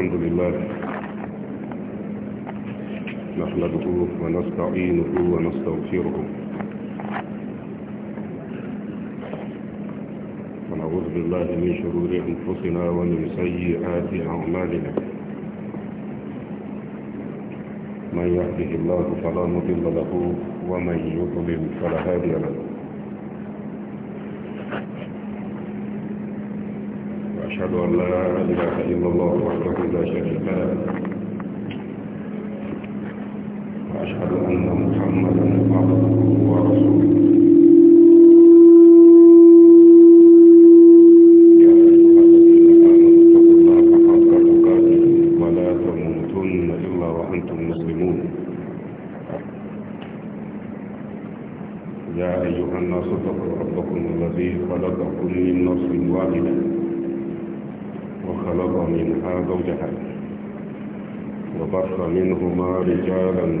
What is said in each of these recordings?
الحمد لله نحمده ونستعينه ونستغفره ونعوذ بالله من شرور أنفسنا ومن سيئات أعمالنا من يهده الله فلا مضل له ومن يضلل فلا هادي له أشهد أن لا إله إلا الله وحده لا شريك له وأشهد أن محمدا عبده ورسوله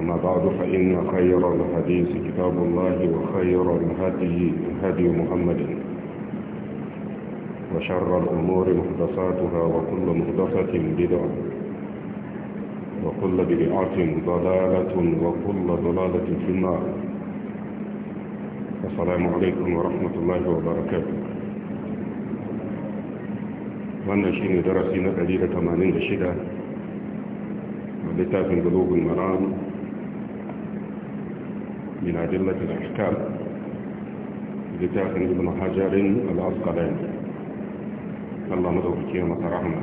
أما بعد فإن خير الحديث كتاب الله وخير الهدي هدي محمد وشر الأمور محدثاتها وكل محدثة بدعة وكل بدعة ضلالة وكل ضلالة في النار السلام عليكم ورحمة الله وبركاته wannan درسين ne darasi na 186 a littafin gulogun من أدلة الأحكام لتأخذ ابن حجر الأسقلين الله مدوك يوم رحمة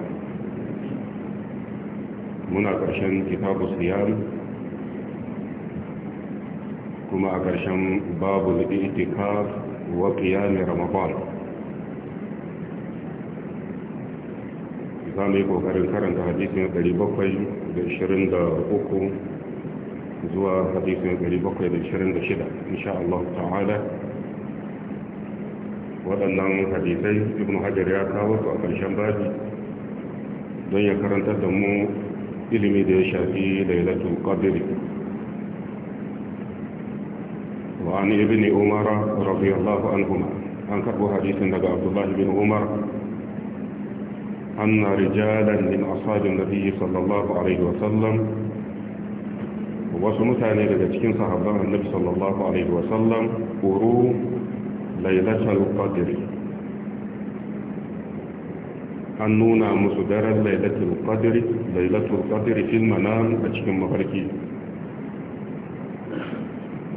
منا قرشن كتاب الصيام كما قرشن باب الاعتكاف وقيام رمضان za mu yi ƙoƙarin karanta hadisi na 723 زوا حديث جلي بقى لشرين دشدة إن شاء الله تعالى وأنا حديثي ابن حجر ياتا وقف الشمبادي دنيا كرنت دمو إلمي ديشا في ليلة القدر وعن ابن عمر رضي الله عنهما عن كتب حديث نبا عبد الله بن عمر أن رجالا من أصحاب النبي صلى الله عليه وسلم wasu mutane daga cikin sahabban annabi sallallahu alaihi wasallam uru lailatul qadr an nuna musu daren lailatul qadr lailatul qadr fil manam a cikin mafarki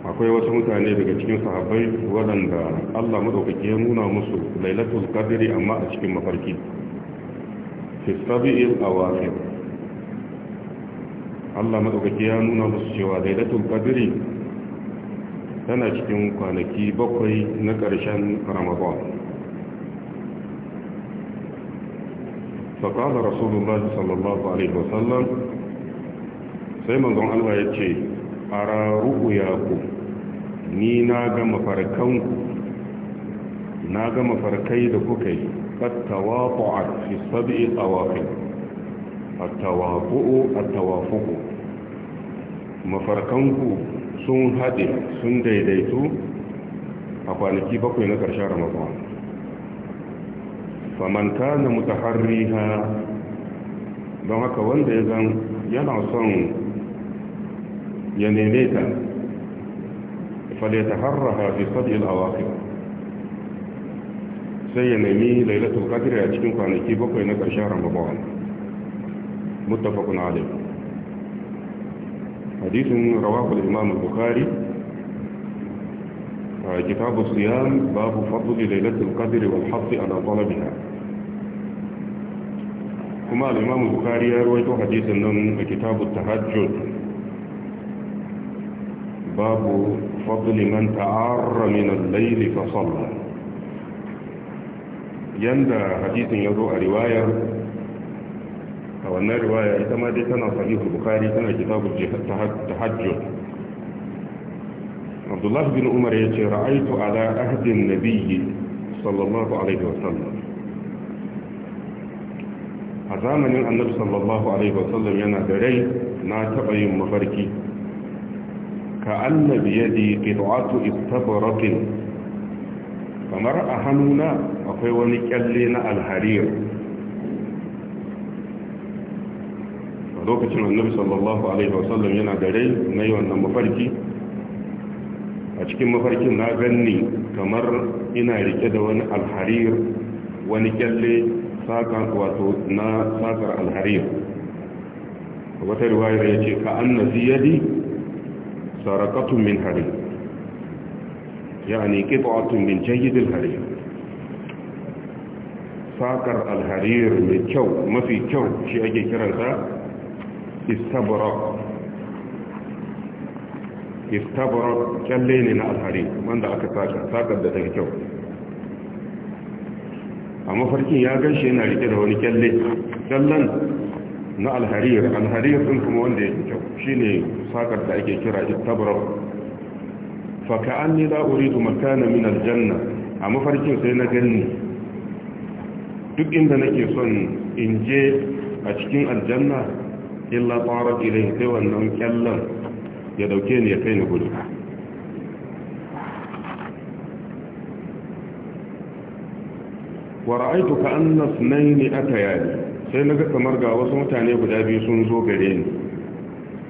akwai wasu mutane daga cikin sahabbai waɗanda Allah madaukake ya nuna musu lailatul qadr amma a cikin mafarki fi sabi'il awafir Allah madaukaki ya nuna musu cewa lailatul qadri tana cikin kwanaki bakwai na ƙarshen ramadan فقال رسول الله صلى الله عليه وسلم سيما زون الله يتشي ya ku? ni na ga mafarkanku na gama farkai da kuka yi fattawa ƙwa'ar fi sabi'i tsawafin attawafu'u mafarkanku sun haɗe sun daidaitu a kwanaki bakwai na ƙarshen ramadan faman kana mutaharriha don haka wanda ya zan yana son ya neme ta فليتهرها fi صدع الأواخر sai ya nemi lailatul qadr a cikin kwanaki bakwai na ƙarshen ramadan متفق عليه حديث رواه الإمام البخاري آه، كتاب الصيام باب فضل ليلة القدر والحظ على طلبها كما الإمام البخاري يروي حديث كتاب التهجد باب فضل من تعار من الليل فصلى يندى حديث يروى رواية a wannan riwaya ita ma dai tana sahihul bukari tana kitabu tahajjud Abdullah bin Umar ya ce ra'aitu ala ahdin nabiyyi sallallahu alaihi wa sallam a zamanin annabi sallallahu alaihi wa sallam yana da rai na taba yin mafarki ka annabi yadi qit'atu istabratin kamar a hannuna akwai wani kyalle na alharir lokacin annabi sallallahu alaihi wasallam yana da rai na yi wannan mafarki a cikin mafarkin na ganni kamar ina rike da wani alharir wani kyalle sakan wato na sakar alharir wata riwayar ya ce ka an naziyadi sarakatun min harir yani qit'atun min jayyid alharir sakar alharir mai kyau mafi kyau shi ake kiransa istabrak istabrak kyalle ne na alhari wanda aka saka sakar da ta kyau a mafarkin ya ganshi yana rike da wani kyalle kyallen na alhariyar, alhariyar sun kuma wanda ya kyau shine sakar da ake kira istabrak fa ka'anni la uridu makana min aljanna a mafarkin sai na ganni duk inda nake son in je a cikin aljanna illa tsarar ilai sai wannan kyallon ya dauke ni ya kai ni gudu Wara ra'aitu ka annas naini atayani sai naga kamar ga wasu mutane guda biyu sun zo gare ni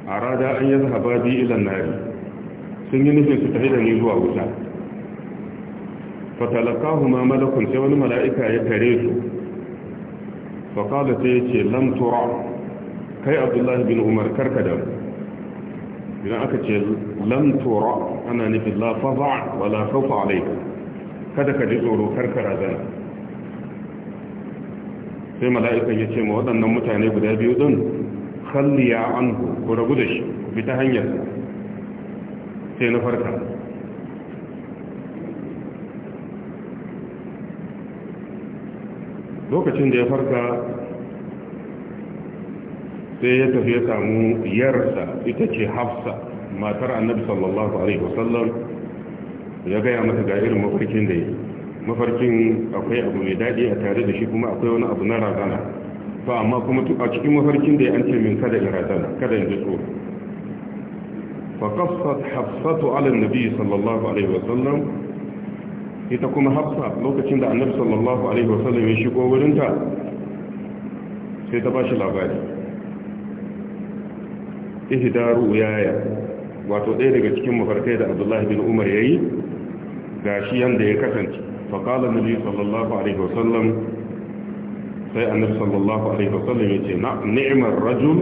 arada an yazhaba bi ila nari sun yi nufin su tafi da ni zuwa wuta fatalakahuma malakun sai wani mala'ika ya kare su fa qala sai yace lam kai abdullahi bin umar karka da idan aka ce lam ana nufin la wa la khawfa kada ka ji tsoro karka razana sai mala'ikan ya ce ma waɗannan mutane guda biyu din kalliya an ku rabu da shi bi ta hanyar sai na farka lokacin da ya farka sai ya tafi ya samu yarsa ita ce hafsa matar annabi sallallahu alaihi wasallam ya gaya mata ga irin mafarkin da ya mafarkin akwai abu mai daɗi a tare da shi kuma akwai wani abu na razana to amma kuma a cikin mafarkin da ya an ce min kada in razana kada in ji tsoro faƙasat hafsatu ala nabi sallallahu alaihi wasallam ita kuma hafsa lokacin da annabi sallallahu alaihi wasallam ya shigo wurinta sai ta ba labari ihdaru yaya wato ɗaya daga cikin mafarkai da abdullahi bin umar ya yi ga shi yadda ya kasance faƙala nabi sallallahu alaihi wasallam sai annabi sallallahu alaihi wasallam ya ce ni'mar rajul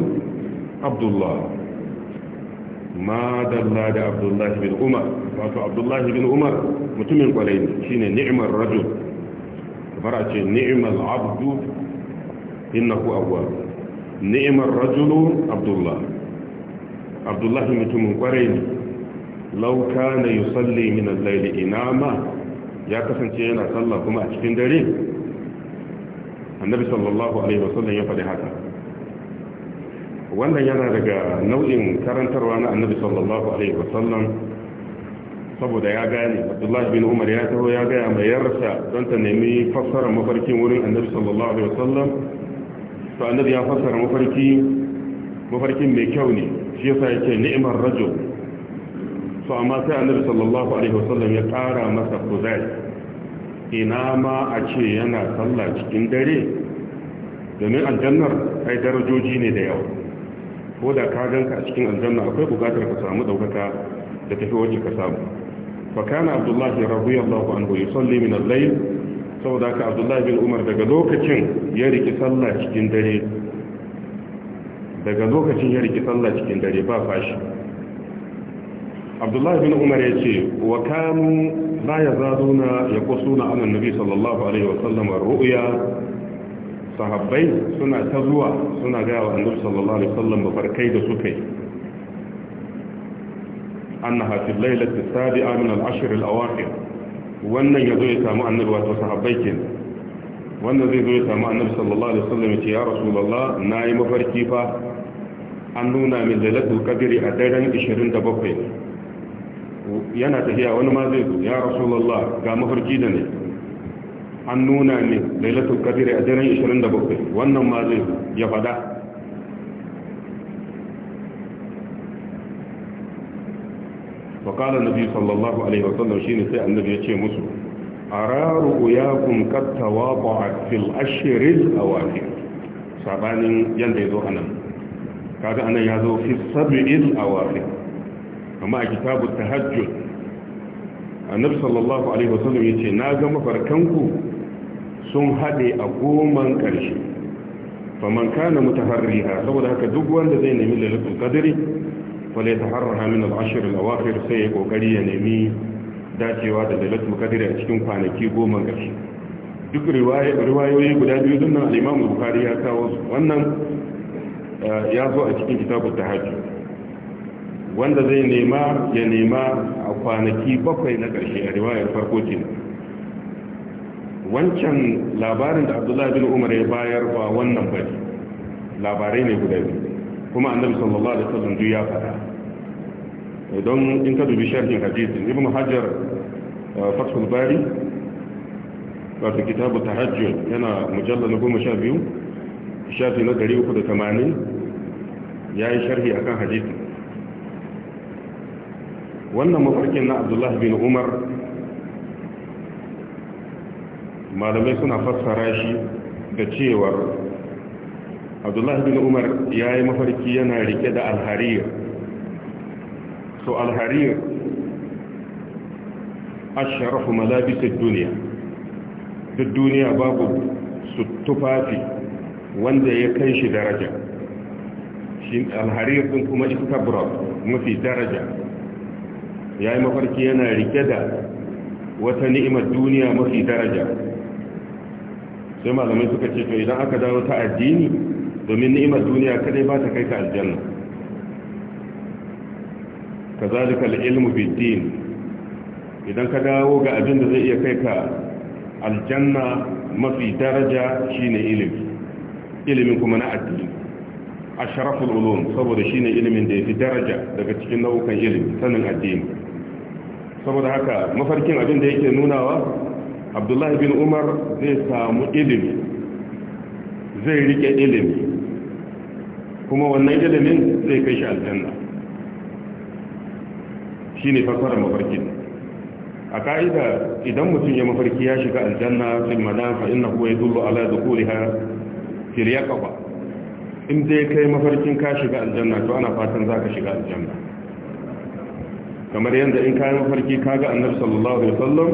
abdullah ma dalla da abdullahi bin umar wato abdullahi bin umar mutumin ne shine ni'mar rajul kamar a ce ni'mar abdu innahu ni'mar abdullah abdullahi mutumin kwarai ne lauka na yi salli min al-laili ina ma ya kasance yana sallah kuma a cikin dare annabi sallallahu alaihi wasallam ya faɗi haka wannan yana daga nau'in karantarwa na annabi sallallahu alaihi wasallam saboda ya gane abdullahi bin umar ya taho ya gaya mai yarsa don ta nemi fassara mafarkin wurin annabi sallallahu alaihi wasallam to annabi ya fassara mafarki mafarkin mai kyau ne shi yasa yake ni'mar rajo. to amma sai annabi sallallahu alaihi wasallam ya ƙara masa kuzari ina ma a ce yana sallah cikin dare domin aljannar ai darajoji ne da yawa ko da ka ganka a cikin aljanna akwai bukatar ka samu daukaka da tafi wacce ka samu fa kana abdullahi radiyallahu anhu yusalli min al-layl saboda ka abdullahi bin umar daga lokacin ya riki sallah cikin dare daga lokacin ya riki sallah cikin dare ba fashi abdullahi bin umar ya ce wa kanu la ya zaduna ya kusuna anan nabi sallallahu alaihi wasallam ru'ya sahabbai suna ta zuwa suna gaya wa annabi sallallahu alaihi wasallam barkai da suka yi annaha fi lailati sabi'a min al-ashr al-awakhir wannan yazo ya samu annabi wato sahabbai kenan wannan zai zo ya samu annabi sallallahu alaihi wasallam ya ce ya rasulullah nayi mafarki fa an nuna min lailatul qadri a daren 27 yana tafiya wani ma zai zo ya rasulullah ga mafarki da ne an nuna min lailatul qadri a daren 27 wannan ma zai zo ya fada wa qala nabi sallallahu alaihi wa wasallam shine sai annabi ya ce musu ara ru'yakum qad tawada'at fil ashri al-awakhir sabanin yanda yazo anan kaga anan ya zo fi sab'il awaqi amma a kitabu tahajjud annabi sallallahu alaihi wasallam yace na ga mafarkanku sun hade a goman karshe faman kana mutaharriha saboda haka duk wanda zai nemi lailatul qadri fala yataharraha min al-ashr al-awakhir sai ya kokari ya nemi dacewa da lailatul qadri a cikin kwanaki goman karshe duk riwayoyi guda biyu din nan al-Imam Bukhari ya kawo wannan ya zo a cikin kitabu ta hajji wanda zai nema ya nema a kwanaki bakwai na ƙarshe a riwayar farko ce wancan labarin da abdullahi bin umar ya bayar ba wannan ba labarai ne guda biyu kuma annabi sallallahu alaihi wasallam duk ya faɗa don in ka dubi sharhin hadisi, ibn hajar fathul bari wato kitabu tahajjud yana mujallal 12 shafi na 380 ya yi sharhi a kan hadisi wannan mafarkin na abdullahi bin umar malamai suna fassara shi da cewar abdullahi bin umar ya yi mafarki yana rike da alhariyar so alhariyar asharafu malabisar duniya duk duniya babu su tufafi wanda ya kai shi daraja shi din kuma iskabra mafi daraja yi mafarki yana rike da wata ni'imar duniya mafi daraja sai malamai suka ce to idan aka dawo ta addini domin ni'imar duniya kadai ba ta kai ka aljanna kazalika al-ilmu bid-din idan ka dawo ga abin da zai iya kai ka aljanna mafi daraja shine ilimi ilimin kuma na addini ashraful ulum saboda ne ilimin da fi daraja daga cikin nau'ukan ilimi sanin addini saboda haka mafarkin abin da yake nunawa abdullahi bin umar zai samu ilimi zai rike ilimi kuma wannan ilimin zai kai shi aljanna shine fasarar mafarkin a ka'ida idan mutum ya mafarki ya shiga aljanna fil madan fa innahu yadullu ala dukhulha fil yaqaba in dai kai mafarkin ka shiga aljanna to ana fatan za ka shiga aljanna kamar yadda in kayan mafarki ka ga annabi sallallahu alaihi sallam,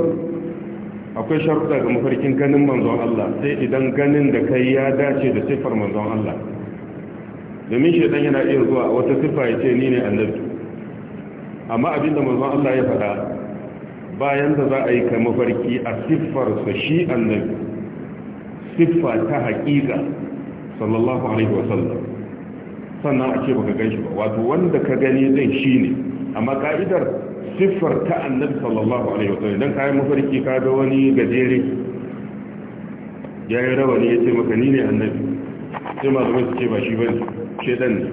akwai sharuɗa ga mafarkin ganin manzon Allah sai idan ganin da kai ya dace da siffar manzon Allah domin shaidan yana iya zuwa wata siffa ya ce ni ne annabi amma abinda manzon Allah ya faɗa bayan da za a yi kai mafarki a siffarsa shi annabi siffa ta haƙiƙa sallallahu alaihi wasallam sannan a ce baka gan shi ba wato wanda ka gani din shi ne amma ka'idar siffar ta annabi sallallahu alaihi wasallam idan kayan mafarki ka ga wani gajere ya yi rawa ne ya ce maka ni ne annabi sai malamai su ce ba shi ba dan ne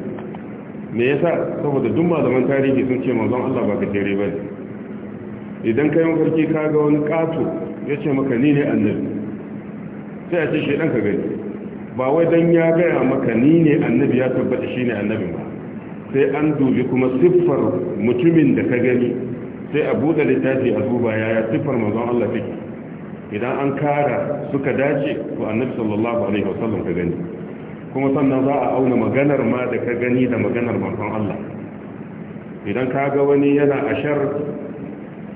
me yasa saboda duk malaman tarihi sun ce manzon Allah ba gajere ba idan kayan mafarki ka ga wani kato ya ce maka ni ne annabi sai a ce shedan ka gani ba wai dan ya gaya maka ni ne annabi ya tabbata shi ne annabi ba sai an dubi kuma siffar mutumin da ka gani sai a buɗe littafi a duba yaya siffar manzon Allah take idan an kara suka dace to annabi sallallahu alaihi wasallam ka gani kuma sannan za a auna maganar ma da ka gani da maganar manzon Allah idan ka ga wani yana ashar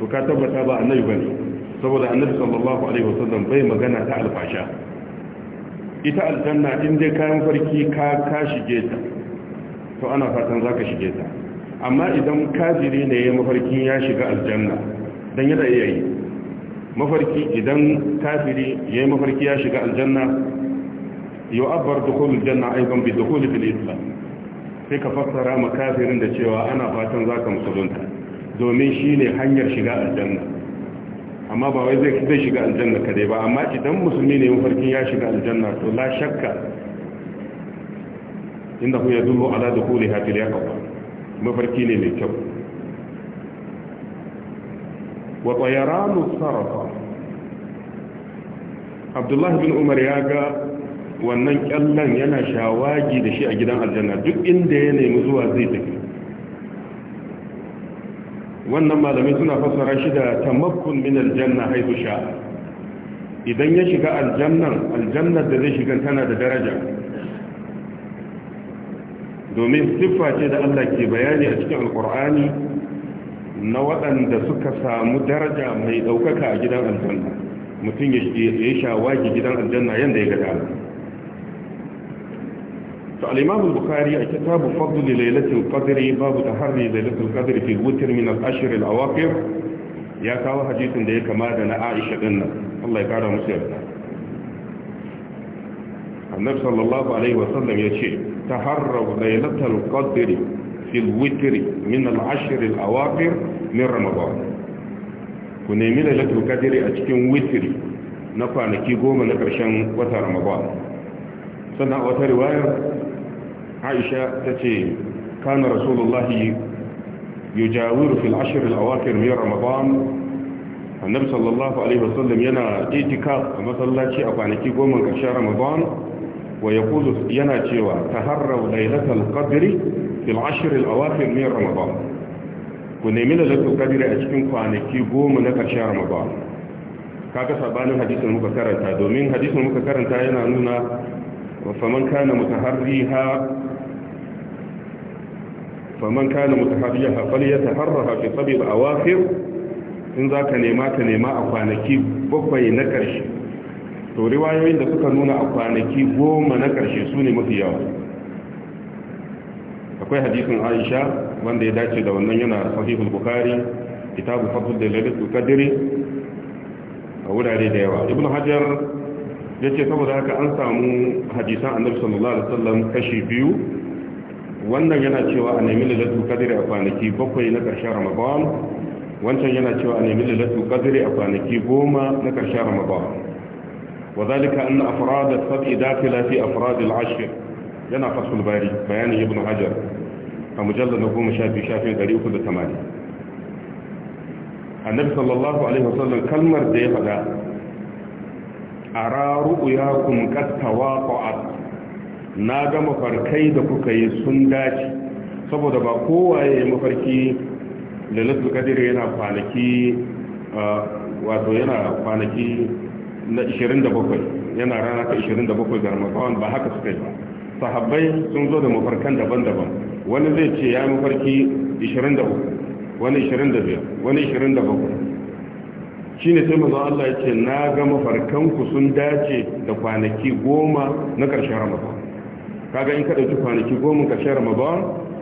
to ka tabbata ba annabi bane saboda annabi sallallahu alaihi wasallam bai magana ta alfasha ita aljanna in dai kayan farki ka ka shige ta to ana fatan zaka shige ta amma idan kafiri ne ya mafarkin ya shiga aljanna dan yana yayi mafarki idan kafiri ya yi mafarki ya shiga aljanna yau abbar dukulun janna aiban bi dukulun fil islam sai ka fassara ma kafirin da cewa ana fatan zaka musulunta domin shi ne hanyar shiga aljanna amma ba wai zai shiga aljanna kadai ba amma idan musulmi ne mafarkin ya shiga aljanna to la shakka inda ku ya dullo ala da kuli hafil ya kawo mafarki ne mai kyau wa tsayaranu sarrafa abdullahi bin umar ya ga wannan kyallon yana shawagi da shi a gidan aljanna duk inda ya nemi zuwa zai tafi wannan malamai suna fassara shi da tamakkun min aljanna haifu sha idan ya shiga aljannan aljannar da zai shiga tana da daraja domin siffa ce da Allah ke bayani a cikin alkur'ani na waɗanda suka samu daraja mai ɗaukaka a gidan aljanna mutum ya sha shawagi gidan aljanna yadda ya ga dama to al-imam al-bukhari a kitabu fadl al qadri babu tahri lailatul qadri fi witr min al-ashr al-awaqir ya kawo hadisin da ya kama da na Aisha din nan Allah ya kara musu yarda annabi sallallahu alaihi wasallam yace taharraw lailatul qadri في الوتر من العشر الأواخر من رمضان كنا من ليلة القدر أتكين وتر نفع نكي قوم نكرشان وتا رمضان سنة وتا رواية aisha ta ce kana rasulullahi yujawiru fil ashir al-awakhir min ramadan annabi sallallahu alaihi wasallam yana itikaf a masallaci a kwanaki goma ƙarshen ramadan wa yaqulu yana cewa taharraw lailatal qadri fil ashir al-awakhir min ramadan ku nemi lailatul qadri a cikin kwanaki goma na ƙarshen ramadan kaga sabanin hadisin muka karanta domin hadisin muka karanta yana nuna faman kana mutaharriha faman kana mutahabbiha falyataharraha fi sabil awakhir in zaka nema ka nema a kwanaki bakwai na karshe to riwayoyin da suka nuna a kwanaki goma na karshe su ne mafi yawa akwai hadisin Aisha wanda ya dace da wannan yana sahihul bukhari kitabu fadl lailatul qadri a wurare da yawa ibnu hajar yace saboda haka an samu hadisan annabi sallallahu alaihi wasallam kashi biyu wannan yana cewa a nemi lalatul qadri a kwanaki bakwai na ƙarshen ramadan wancan yana cewa a nemi lalatul qadri a kwanaki goma na ƙarshen ramadan وذلك أن أفراد السبع داخلة في أفراد العشر yana fasul bari bayanin ibn hajar a mujallar na goma sha shafin ɗari uku da tamanin annabi sallallahu alaihi wasallam kalmar da ya faɗa a raru ya na ga mafarkai da kuka yi sun dace saboda ba kowaye ya mafarki lissu kadir yana kwanaki wato yana kwanaki na 27 yana rana ta 27 ga ramadan ba haka suka yi ba sahabbai sun zo da mafarkan daban-daban wani zai ce ya mafarki 23 wani 25 wani 27 shi ne sai mazan Allah ya ce na ga mafarkanku sun dace da kwanaki goma na ƙarshen ramadan kaga in ka dauki kwanaki goma ka share ramadan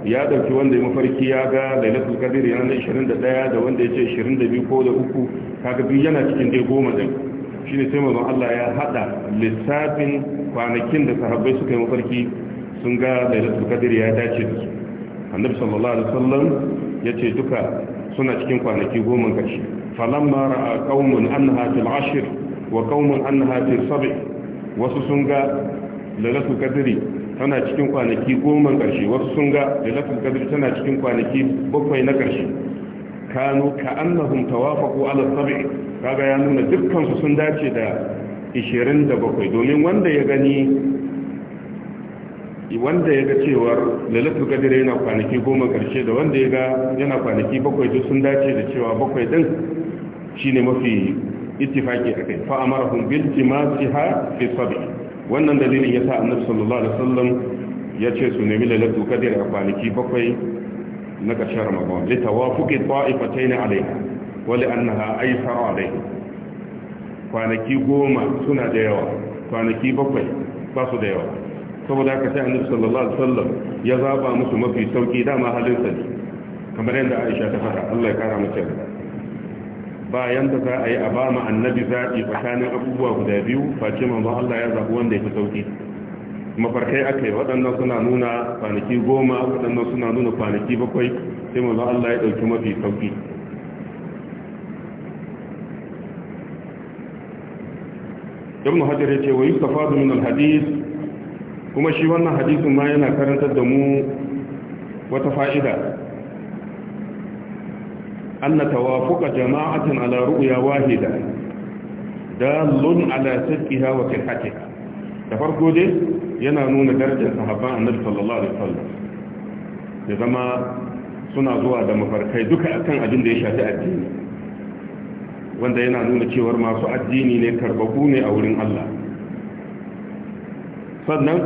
ya dauki wanda ya mafarki ya ga lailatul qadr yana da 21 da wanda yace 22 ko da uku kaga duk yana cikin dai goma din shine sai manzon Allah ya hada lissafin kwanakin da sahabbai suka yi mafarki sun ga lailatul qadr ya dace da su annabi sallallahu alaihi wasallam yace duka suna cikin kwanaki goma kashi falamma ra'a qaumun annaha fil ashr wa qaumun annaha fil sab' wasu sun ga lailatul qadr tana cikin kwanaki goma ƙarshe wasu sun ga lailatul kadir tana cikin kwanaki bakwai na ƙarshe kanu ka annahum tawafaqu ala sab'i kaga ya nuna dukkan su sun dace da 27 domin wanda ya gani wanda ya ga cewar lalatul qadr yana kwanaki goma karshe da wanda ya ga yana kwanaki bakwai duk sun dace da cewa bakwai din shine mafi ittifaki akai fa amarahum bil timasiha fi sab'i wannan dalilin ya sa annabi sallallahu alaihi wasallam ya ce su nemi lailatul qadr a kwanaki bakwai na ƙarshen ramadan li tawafuqi ta'ifatayn alaiha wa li annaha aysar alaiha kwanaki goma suna da yawa kwanaki bakwai ba su da yawa saboda haka sai annabi sallallahu alaihi wasallam ya zaba musu mafi sauki dama halin sa kamar yadda Aisha ta faɗa Allah ya kara mata bayan da za a yi a ba ma annabi zaɓi tsakanin abubuwa guda biyu ba ce manzo Allah ya zaɓi wanda ya fi sauƙi mafarkai aka yi waɗannan suna nuna kwanaki goma waɗannan suna nuna kwanaki bakwai sai manzo Allah ya ɗauki mafi sauƙi ibn hajar ya ce wa yustafadu min alhadith kuma shi wannan hadisin ma yana karantar da mu wata fa'ida anna tawafuqa jama'atin ala ru'ya wahida dalun ala sidqiha wa da farko dai yana nuna darajar sahabban annabi sallallahu alaihi zama suna zuwa da mafarkai duka akan abin da ya shafi addini wanda yana nuna cewar masu addini ne karbabu ne a wurin Allah sannan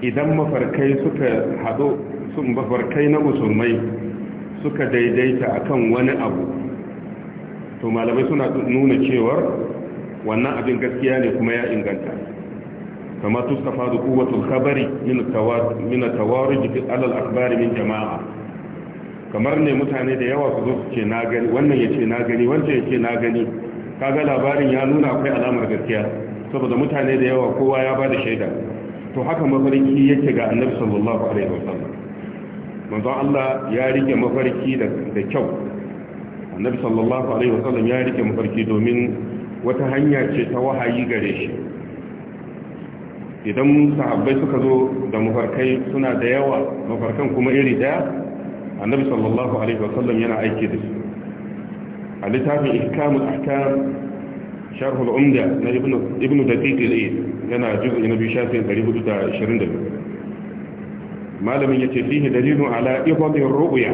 idan mafarkai suka haɗo, sun mafarkai na musulmai suka daidaita akan wani abu to malamai suna nuna cewar wannan abin gaskiya ne kuma ya inganta kama tuskafa da kuwatul kabari min tawarij fi alal akbari min jama'a kamar ne mutane da yawa su zo su ce na gani wannan ya ce na gani wancan ya ce na gani kaga labarin ya nuna akwai alamar gaskiya saboda mutane da yawa kowa ya ba da shaida to haka mafarki yake ga annabi sallallahu alaihi wasallam manzon Allah ya rike mafarki da kyau annabi sallallahu alaihi wasallam ya rike mafarki domin wata hanya ce ta wahayi gare shi idan sahabbai suka zo da mafarkai suna da yawa mafarkan kuma iri daya annabi sallallahu alaihi wasallam yana aiki da su a littafin ihkamul ahkam sharh al-umda na ibnu ibnu daqiq al-eid yana juz'i na biyu shafin 422 malamin ya ce fihi dalilin ala ibadin ru'ya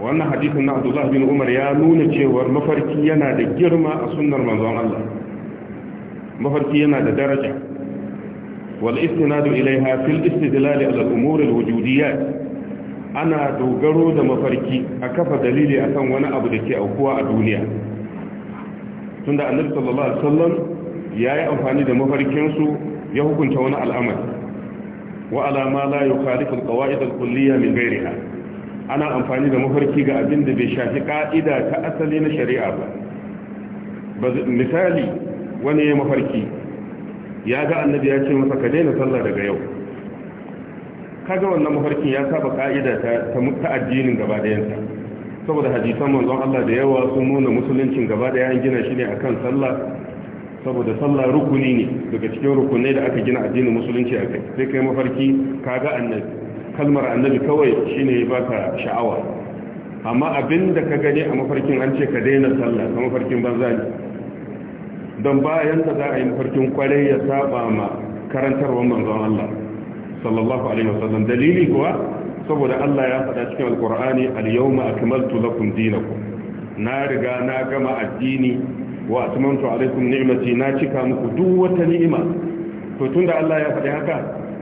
wannan hadisin na Abdullah bin Umar ya nuna cewa mafarki yana da girma a sunnar manzon Allah mafarki yana da daraja wal istinadu ilaiha fil istidlali ala al-umur al-wujudiyyah ana dogaro da mafarki a kafa dalili akan wani abu da ke aukuwa a duniya tunda annabi sallallahu alaihi wasallam yayi amfani da mafarkin su ya hukunta wani al'amari wa ala ma la yukhalifu alqawaid alkulliyya min ghayriha ana amfani da mafarki ga abin da bai shafi ka'ida ta asali na shari'a ba misali wani ya mafarki ya ga annabi ya ce masa ka daina sallah daga yau kaga wannan mafarkin ya saba ka'ida ta addinin gaba saboda hadisan manzon Allah da yawa sun nuna musuluncin gaba daya an gina shi ne akan sallah saboda sallah rukuni ne daga cikin rukunai da aka gina addinin musulunci a kai sai kai mafarki kaga annabi kalmar annabi kawai shine ya baka sha'awa amma abin da ka gani a mafarkin an ce ka daina sallah ka mafarkin banza ne don bayan da za a yi mafarkin kwarai ya saba ma karantarwar manzon Allah sallallahu alaihi wasallam dalili kuwa saboda Allah ya faɗa cikin alqur'ani al-yawma akmaltu lakum dinakum na riga na gama addini wa atmamtu alaikum ni'mati na cika muku duk wata ni'ima to tunda Allah ya faɗi haka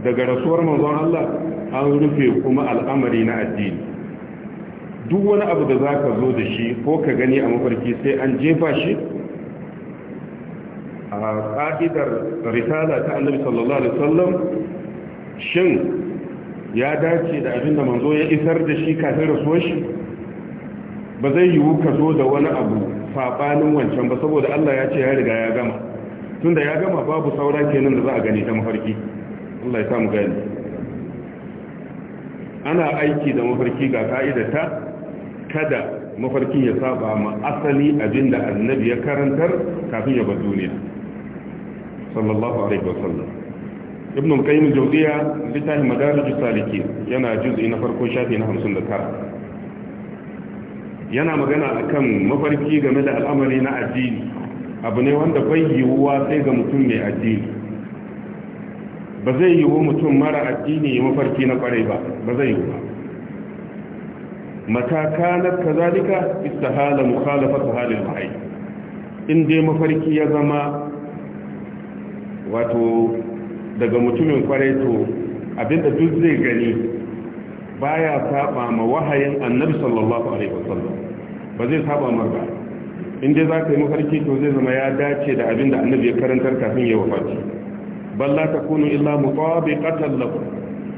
daga rasuwar manzon Allah an rufe kuma al'amari na addini duk wani abu da zaka zo da shi ko ka gani a mafarki sai an jefa shi a ƙa'idar risala ta annabi sallallahu alaihi wasallam shin ya dace da abin da manzo ya isar da shi kafin rasuwar shi ba zai yiwu ka zo da wani abu faɓanin wancan ba saboda Allah ya ce ya riga ya gama tunda ya gama babu saura kenan da za a gani ta mafarki Allah ya samu gani ana aiki da mafarki ga ka'idata kada mafarkin ya saba ma asali abin da annabi ya karantar kafin ya bar duniya sallallahu alaihi wasallam ibn qayyim jawziya littafin madarij salikin yana juz'i na farko shafi na 59 yana magana a kan mafarki game da al'amari na addini abu ne wanda bai yiwuwa sai ga mutum mai addini ba zai yiwu mutum mara addini ya mafarki na kwarai ba ba zai yiwu ba matakanar kazalika istahala mukhalafatu halin mahai in dai mafarki ya zama wato daga mutumin kwarai to abinda duk zai gani baya saba ma wahayin annabi sallallahu alaihi wasallam ba zai saba mar ba in dai zaka yi mafarki to zai zama ya dace da abin da annabi ya karantar kafin ya wafaci bal la takunu illa mutabiqatan lahu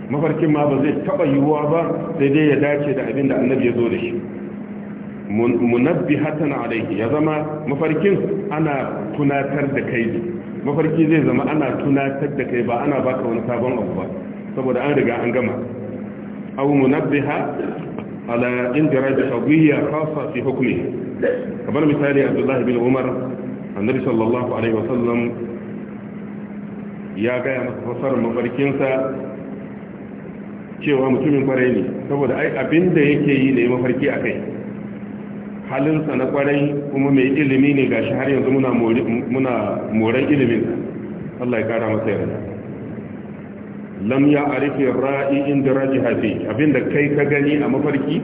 mafarkin ma ba zai taba yiwuwa ba sai dai ya dace da abin da annabi ya zo da shi munabbihatan alaihi ya zama mafarkin ana tunatar da kai mafarki zai zama ana tunatar da kai ba ana baka wani sabon abu ba saboda an riga an gama aw munabbiha ala indiraj qadiyya khassa fi hukmihi kamar misali Abdullahi bin Umar annabi sallallahu alaihi sallam ya gaya masa fasarar mafarkinsa cewa mutumin kwarai ne saboda ai abin da yake yi ne mafarki a kai halinsa na kwarai kuma mai ilimi ne gashi har yanzu muna moran iliminsa Allah ya kara masa yarda lam ya arifi ra'i inda raji hafi abinda kai ka gani a mafarki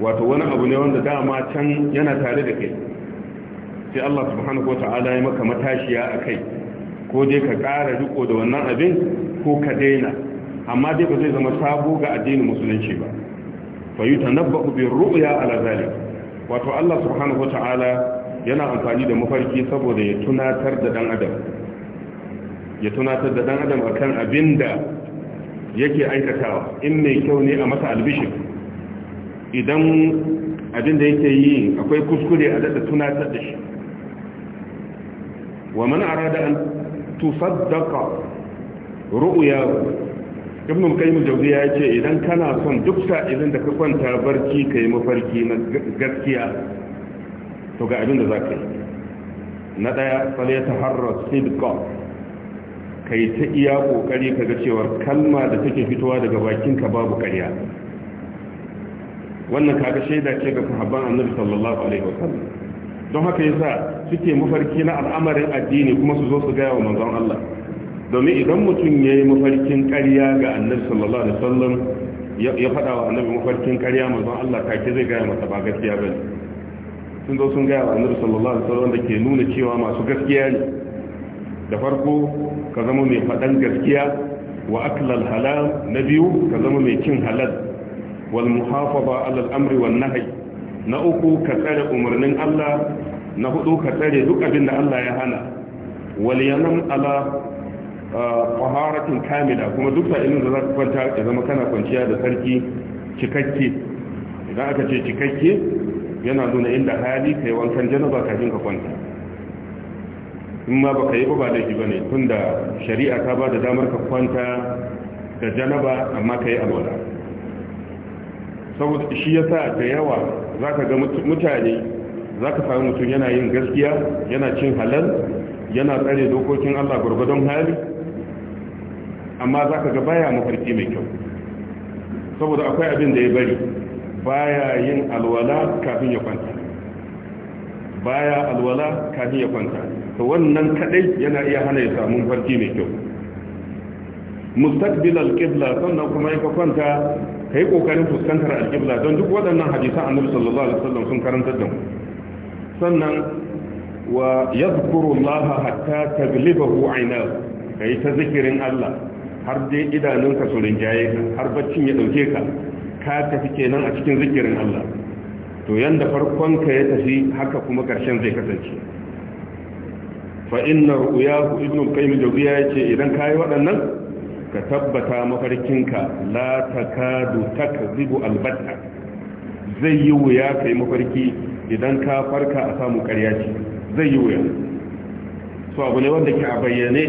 wato wani abu ne wanda dama can yana tare da kai sai Allah subhanahu wata'ala ya maka matashiya a kai ko dai ka kara riko da wannan abin ko ka daina amma dai ba zai zama sabo ga addinin musulunci ba fa yi tanabbahu bi ru'ya ala zalik wato Allah subhanahu wata'ala yana amfani da mafarki saboda ya tunatar da dan adam ya tunatar da dan adam akan abin da yake aikatawa in mai kyau ne a masa albishin. idan abin da yake yi akwai kuskure a daɗa tunatar da shi wa man arada an tusaddaqa ru'ya ibn al-qayyim ya yace idan kana son duk sa'ilin da ka kwanta barci kai mafarki na gaskiya to ga abin da zaka yi na daya fal yataharra sidqa ka yi ta iya ƙoƙari ka ga cewar kalma da take fitowa daga bakinka babu ƙarya wannan kaga shaida ce ga sahabban annabi sallallahu alaihi wasallam don haka yasa suke mafarki na al'amarin addini kuma su zo su gaya wa manzon Allah domin idan mutum yayi mafarkin ƙarya ga annabi sallallahu alaihi wasallam ya faɗa wa annabi mafarkin ƙarya manzon Allah kake zai gaya masa ba gaskiya bane sun zo sun gaya wa annabi sallallahu alaihi wasallam da ke nuna cewa masu gaskiya ne da farko ka zama mai faɗan gaskiya wa aklal halal na biyu ka zama mai cin halal wal muhafaza alal amri wan nahi na uku ka tsare umarnin Allah na hudu ka tsare duk abin da Allah ya hana wal yanam ala ah, taharatin kamila kuma duk sa'ilin da za ka kwanta ya zama kana kwanciya da sarki cikakke idan aka ce cikakke yana nuna inda hali kai wankan janaba kafin ka kwanta in ma baka yi ba ba shi bane tunda shari'a ta ba da damar ka kwanta da janaba amma ka yi alwala saboda shi yasa da yawa zaka ga mutane zaka samu mutum yana yin gaskiya yana cin halal yana tsare dokokin Allah gurgudun hali amma zaka ga baya mafarki mai kyau saboda akwai abin da ya bari baya yin alwala kafin ya kwanta baya alwala kafin ya kwanta to wannan kadai yana iya hana ya samu farki mai kyau mustaqbil al-qibla sannan kuma ya kwanta kai kokarin fuskantar al-qibla don duk waɗannan hadisan annabi sallallahu alaihi wasallam sun karanta da mu sannan wa yadhkuru Allah hatta taglibahu aynahu kai ta zikirin Allah har dai idanunka su rinjaye har baccin ya dauke ka ka tafi kenan a cikin zikirin Allah to yanda farkon ka ya tafi haka kuma karshen zai kasance fa inna ru'yahu ibn qayyim yace idan kai waɗannan ka tabbata mafarkinka la takadu takzibu albatta zai yi wuya yi mafarki idan ka farka a samu ƙarya ce zai yi wuya so abu ne wanda ke a bayyane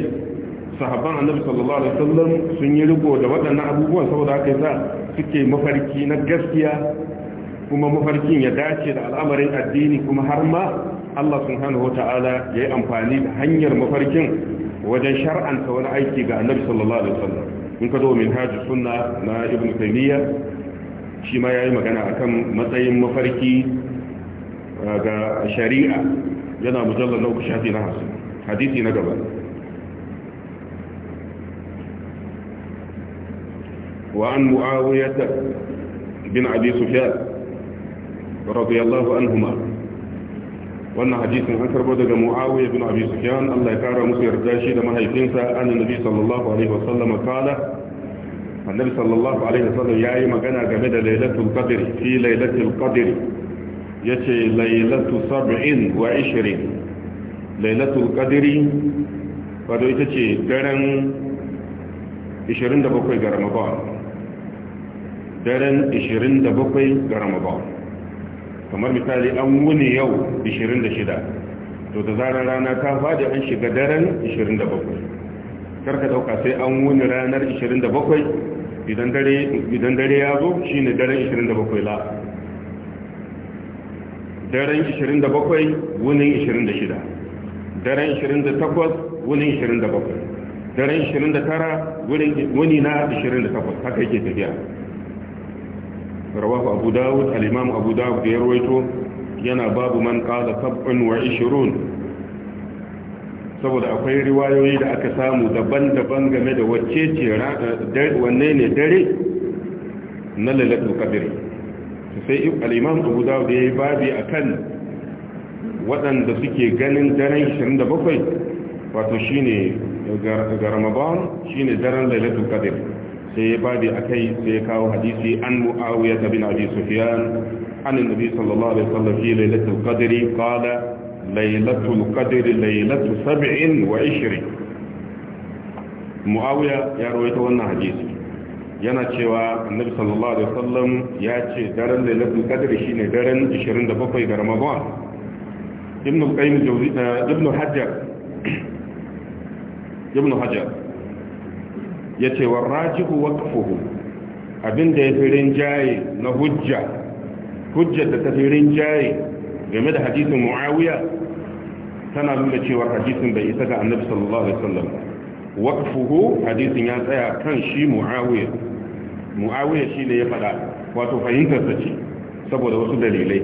sahabban annabi sallallahu alaihi wasallam sun yi riko da waɗannan abubuwan saboda haka yasa suke mafarki na gaskiya kuma mafarkin ya dace da al'amarin addini kuma har ma Allah subhanahu wata'ala ya yi amfani da hanyar mafarkin wajen shar'anta wani aiki ga annabi sallallahu alaihi wasallam in ka zo min haji sunna na ibn taymiya shi ma yayi magana akan matsayin mafarki uh, ga shari'a yana mujallal na uku shafi na hasu hadisi na gaba وعن معاوية بن أبي سفيان رضي الله عنهما wannan hadisin an karbo daga muawiya bin abi sufyan Allah ya kara musu yarda shi da mahaifinsa annabi sallallahu alaihi wasallam kala annabi sallallahu alaihi wasallam yayi magana game da lailatul qadr fi lailatul qadr yace lailatu sab'in wa ishrin lailatul qadri wato ita ce daren 27 ga ramadan daren 27 ga ramadan kamar misali an wuni yau 26 to da zarar rana ta faɗi an shiga daren 27 karka dauka sai an wuni ranar 27 idan dare ya zo shine daren 27 la daren 27 wunin 26 daren 28 wunin 27 daren 29 wunin na 28 haka yake tafiya rawahu abu dawud al-imam abu dawud da ya rawaito yana babu man qala sab'un wa 20 saboda akwai riwayoyi da aka samu daban-daban game da wacce ce wanne ne dare na lailatul qadr sai al-imam abu dawud ya yi babi akan waɗanda suke ganin daren 27 wato shine ga ramadan shine daren lailatul qadr sai ya bade akai sai ya kawo hadisi an muawiya bin abi sufyan an annabi sallallahu alaihi wasallam fi lailatul qadri qala lailatul qadri lailatu 27 muawiya ya rawaito wannan hadisi yana cewa annabi sallallahu alaihi wasallam ya ce daren lailatul qadri shine daren 27 ga ramadan ibn al-qayyim jawzi ibn hajar ibn hajar ya ce wa rajihu waqfuhu abinda ya fi rinjaye na hujja hujja da ta fi rinjaye game da hadisin muawiya tana nuna cewa hadisin bai isa ga annabi sallallahu alaihi wasallam waqfuhu hadisin ya tsaya kan shi muawiya muawiya shine ya faɗa wato fahimtar sa ce saboda wasu dalilai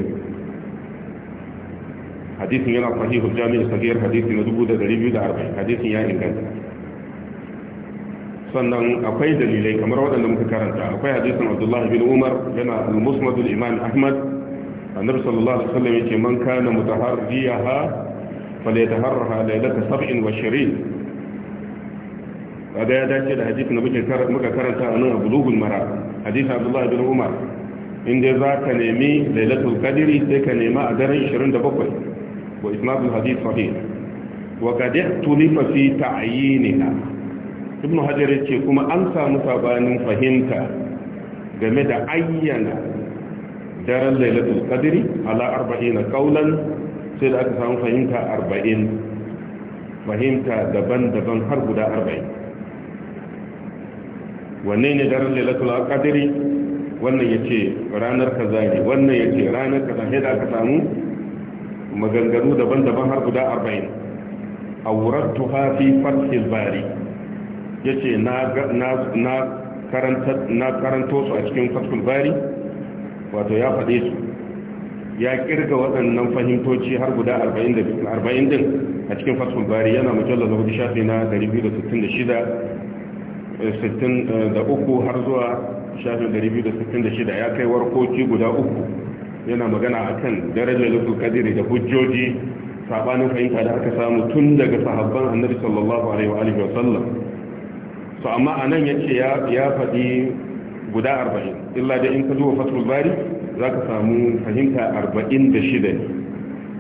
hadisin yana sahihul jami'u sahihar hadisi na 2240 hadisin ya inganta sannan akwai dalilai kamar waɗanda muka karanta akwai hadisin abdullahi bin umar yana al-musnad al-imam ahmad annabi sallallahu alaihi wasallam yake man kana mutaharriyaha falyataharraha laylata sab'in wa shirin kaga ya dace da hadisin da muka karanta a nan a bulugul mara hadisin abdullahi bin umar inda za ka nemi lailatul qadri sai ka nema a daren 27 wa isnadul hadith sahih wa qad ihtulifa fi ta'yinha ibn hajar ce kuma an samu sabanin fahimta game da ayyana daren lailatul qadri ala 40 qawlan sai da aka samu fahimta 40 fahimta daban-daban har guda 40 wanne ne daren lailatul qadri wannan yace ranar kaza ne wannan yace ranar kaza sai da aka samu maganganu daban-daban har guda 40 awrattuha fi fathil bari ya ce na karanto su a cikin fatul bari wato ya faɗe su ya kirga waɗannan fahimtoci har guda 40 din a cikin fatul bari yana mujallar da hudu shafi na 263 eh, eh, har zuwa shafin 266 ya kai warkoki guda uku yana magana akan darajar lukul kadiri da hujjoji sabanin fahimta da aka samu tun daga sahabban annabi sallallahu alaihi wa sallam to amma a nan ya ce ya faɗi guda arba'in illa da in ka zuwa fatul bari za ka samu fahimta arba'in da shida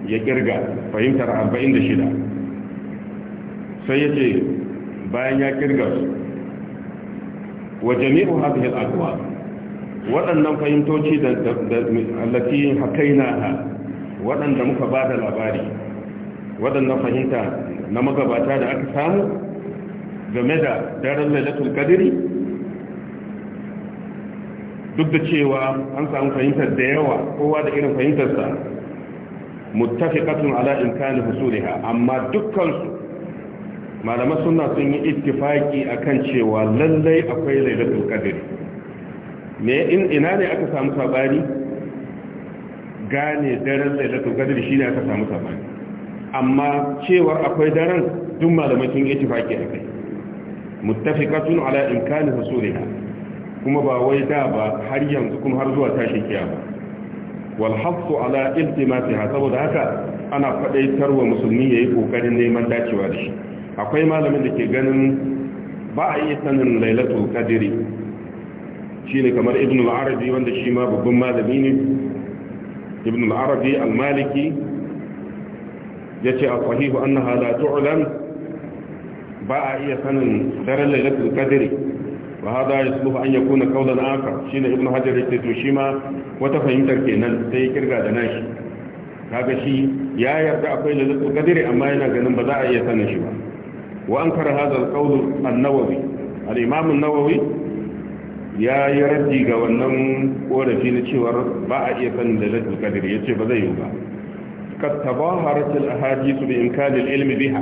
ya kirga fahimtar arba'in da shida sai ya ce bayan ya kirga su wa jami'u hadhihi al-aqwa waɗannan fahimtoci da na hakainaha waɗanda muka ba da labari waɗannan fahimta na magabata da aka samu game da daren lailatul kadiri duk da cewa an samu fahimtar da yawa kowa da irin fahimtarsa muttafiqatun ala imkani husuliha amma dukkansu su suna sun yi ittifaki akan cewa lallai akwai lailatul qadr ne in ina ne aka samu sabani gane daren lailatul shi shine aka samu sabani amma cewar akwai daren duk malamai sun yi ittifaki akai muttafiqatun ala imkani husuliha kuma ba wai da ba har yanzu kuma har zuwa tashi kiyama wal hasu ala ha saboda haka ana wa musulmi yayi kokarin neman dacewa da shi akwai malamin da ke ganin ba a iya sanin lailatul qadri shine kamar ibn al-arabi wanda shi ma babban malami ne ibn al-arabi al-maliki yace a sahihu annaha la tu'lam ba a iya sanin daren lailatul qadri wa hada yasluhu an yakuna qawlan akar shine ibnu hajar yace to shi ma wata fahimtar kenan sai kirga da nashi kaga shi ya yarda akwai lailatul qadri amma yana ganin ba za a iya sanin shi ba wa ankara hada alqawl an-nawawi al-imam an-nawawi ya yi raddi ga wannan korafi na cewar ba a iya sanin lailatul qadri yace ba zai yi ba قد تظاهرت الأحاديث بإمكان العلم بها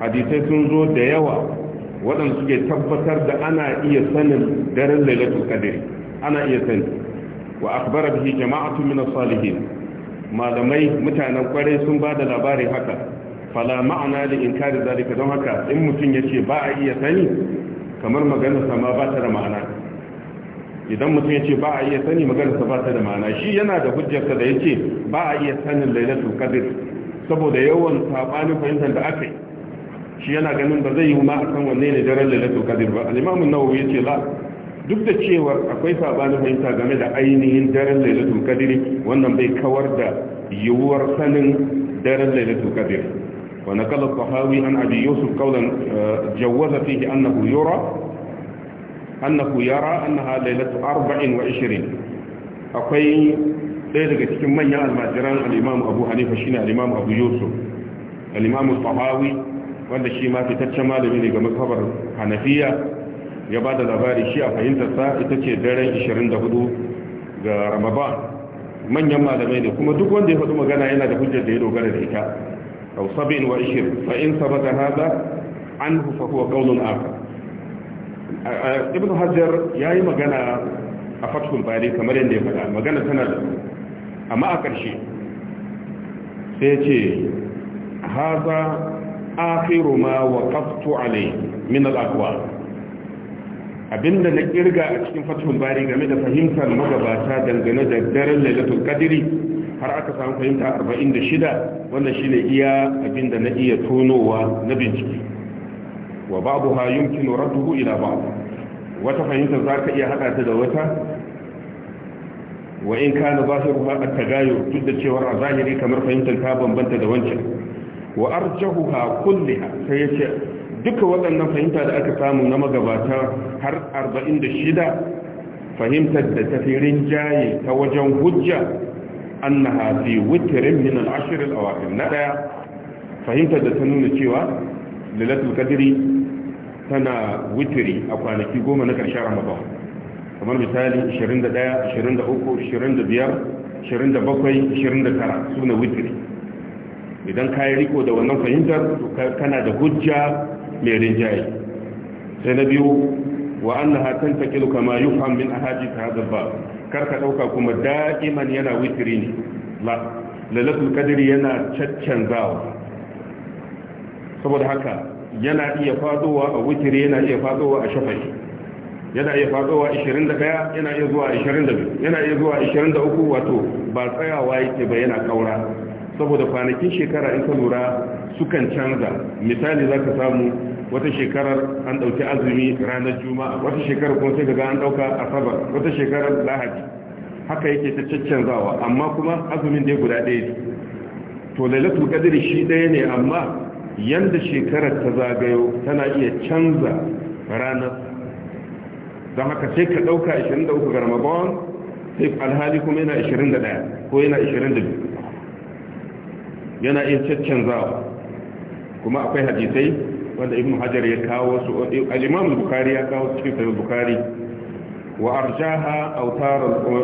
hadisai sun zo da yawa waɗanda suke tabbatar da ana iya sanin daren lailatul qadr ana iya sani wa akhbara bihi jama'atu min as-salihin malamai mutanen kwarai sun ba da labarin haka fala ma'ana li inkari zalika don haka in mutum yace ba a iya sani kamar maganar sama ba ta da ma'ana idan mutum yace ba a iya sani maganar sa ba ta da ma'ana shi yana da hujjarsa da yace ba a iya sanin lailatul qadr saboda yawan sabanin fahimtar da aka yi shi yana ganin ba zai yi ma akan wanne ne daren lailatul qadr ba al-imam an-nawawi yace la duk da cewa akwai sabanin fahimta game da ainihin daren lailatul qadr wannan bai kawar da yiwuwar sanin daren lailatul qadr wa naqala al-tahawi an abi yusuf qawlan ah, jawaza fihi annahu yura annahu yara annaha lailatu 24 akwai ɗaya daga cikin manyan almajiran al-imam abu hanifa shine al-imam abu yusuf al-imam al-tahawi wanda shi ma fitaccen malami ne ga makabar hanafiya ya ba da labari shi a fahimtarsa ita ce daren 24 ga ramadan manyan malamai ne kuma duk wanda ya faɗi magana yana da hujjar da ya dogara da ita au sabin wa ishir fa in sa baga hada an hufa huwa qaulun aka ibnu hajar yayi magana a fatul bari kamar yadda ya faɗa magana tana da amma a ƙarshe sai ya ce haza akhiru ما وقفت عليه min al abinda na kirga a cikin fatan bari game da fahimtar magabata dangane da daren lailatul qadri har aka samu fahimta 46 wannan shine iya abinda na iya tonowa na bincike wa babuha yumkinu radduhu ila ba'd wata fahimta zaka iya hada ta da wata wa in kana zahiruha at-tagayur duk da cewa a zahiri kamar fahimtar ta bambanta da wancan wa arjahuha kulliha sai yace duka waɗannan fahimta da aka samu na magabata har 46 fahimtar da tafi rinjaye ta wajen hujja annaha fi witrin min al-ashr al-awaqir na daya fahimtar da ta nuna cewa lailatul qadri tana witri a kwanaki goma na ƙarshen ramadan kamar misali 21 23 25 27 29 sune witri idan ka yi riko da wannan fahimtar kana da hujja mai rinjaye sai na biyu wa an na hatan ta kilu kama yi min a haji ta hadar ba karka ɗauka kuma da'iman yana witiri ne lalatul kadiri yana caccanzawa saboda haka yana iya fadowa a witiri yana iya fadowa a shafashi yana iya fadowa 21 yana iya zuwa 22 yana iya zuwa 23 wato ba tsayawa yake ba yana kaura saboda kwanakin shekara in ka lura sukan canza misali za ka samu wata shekarar an ɗauki azumi ranar juma'a wata shekarar kuma sai ga an ɗauka asabar wata shekarar lahadi haka yake ta caccanzawa amma kuma azumin ya guda ɗaya to lailatul qadri shi ɗaya ne amma yanda shekarar ta zagayo tana iya canza ranar don haka sai ka ɗauka 23 ga ramadan sai alhali kuma yana 21 ko yana 22 yana iya caccanzawa kuma akwai hadisai wanda ibn hajar ya kawo su al-imam bukhari ya kawo cikin sahih bukhari wa arjaha awtar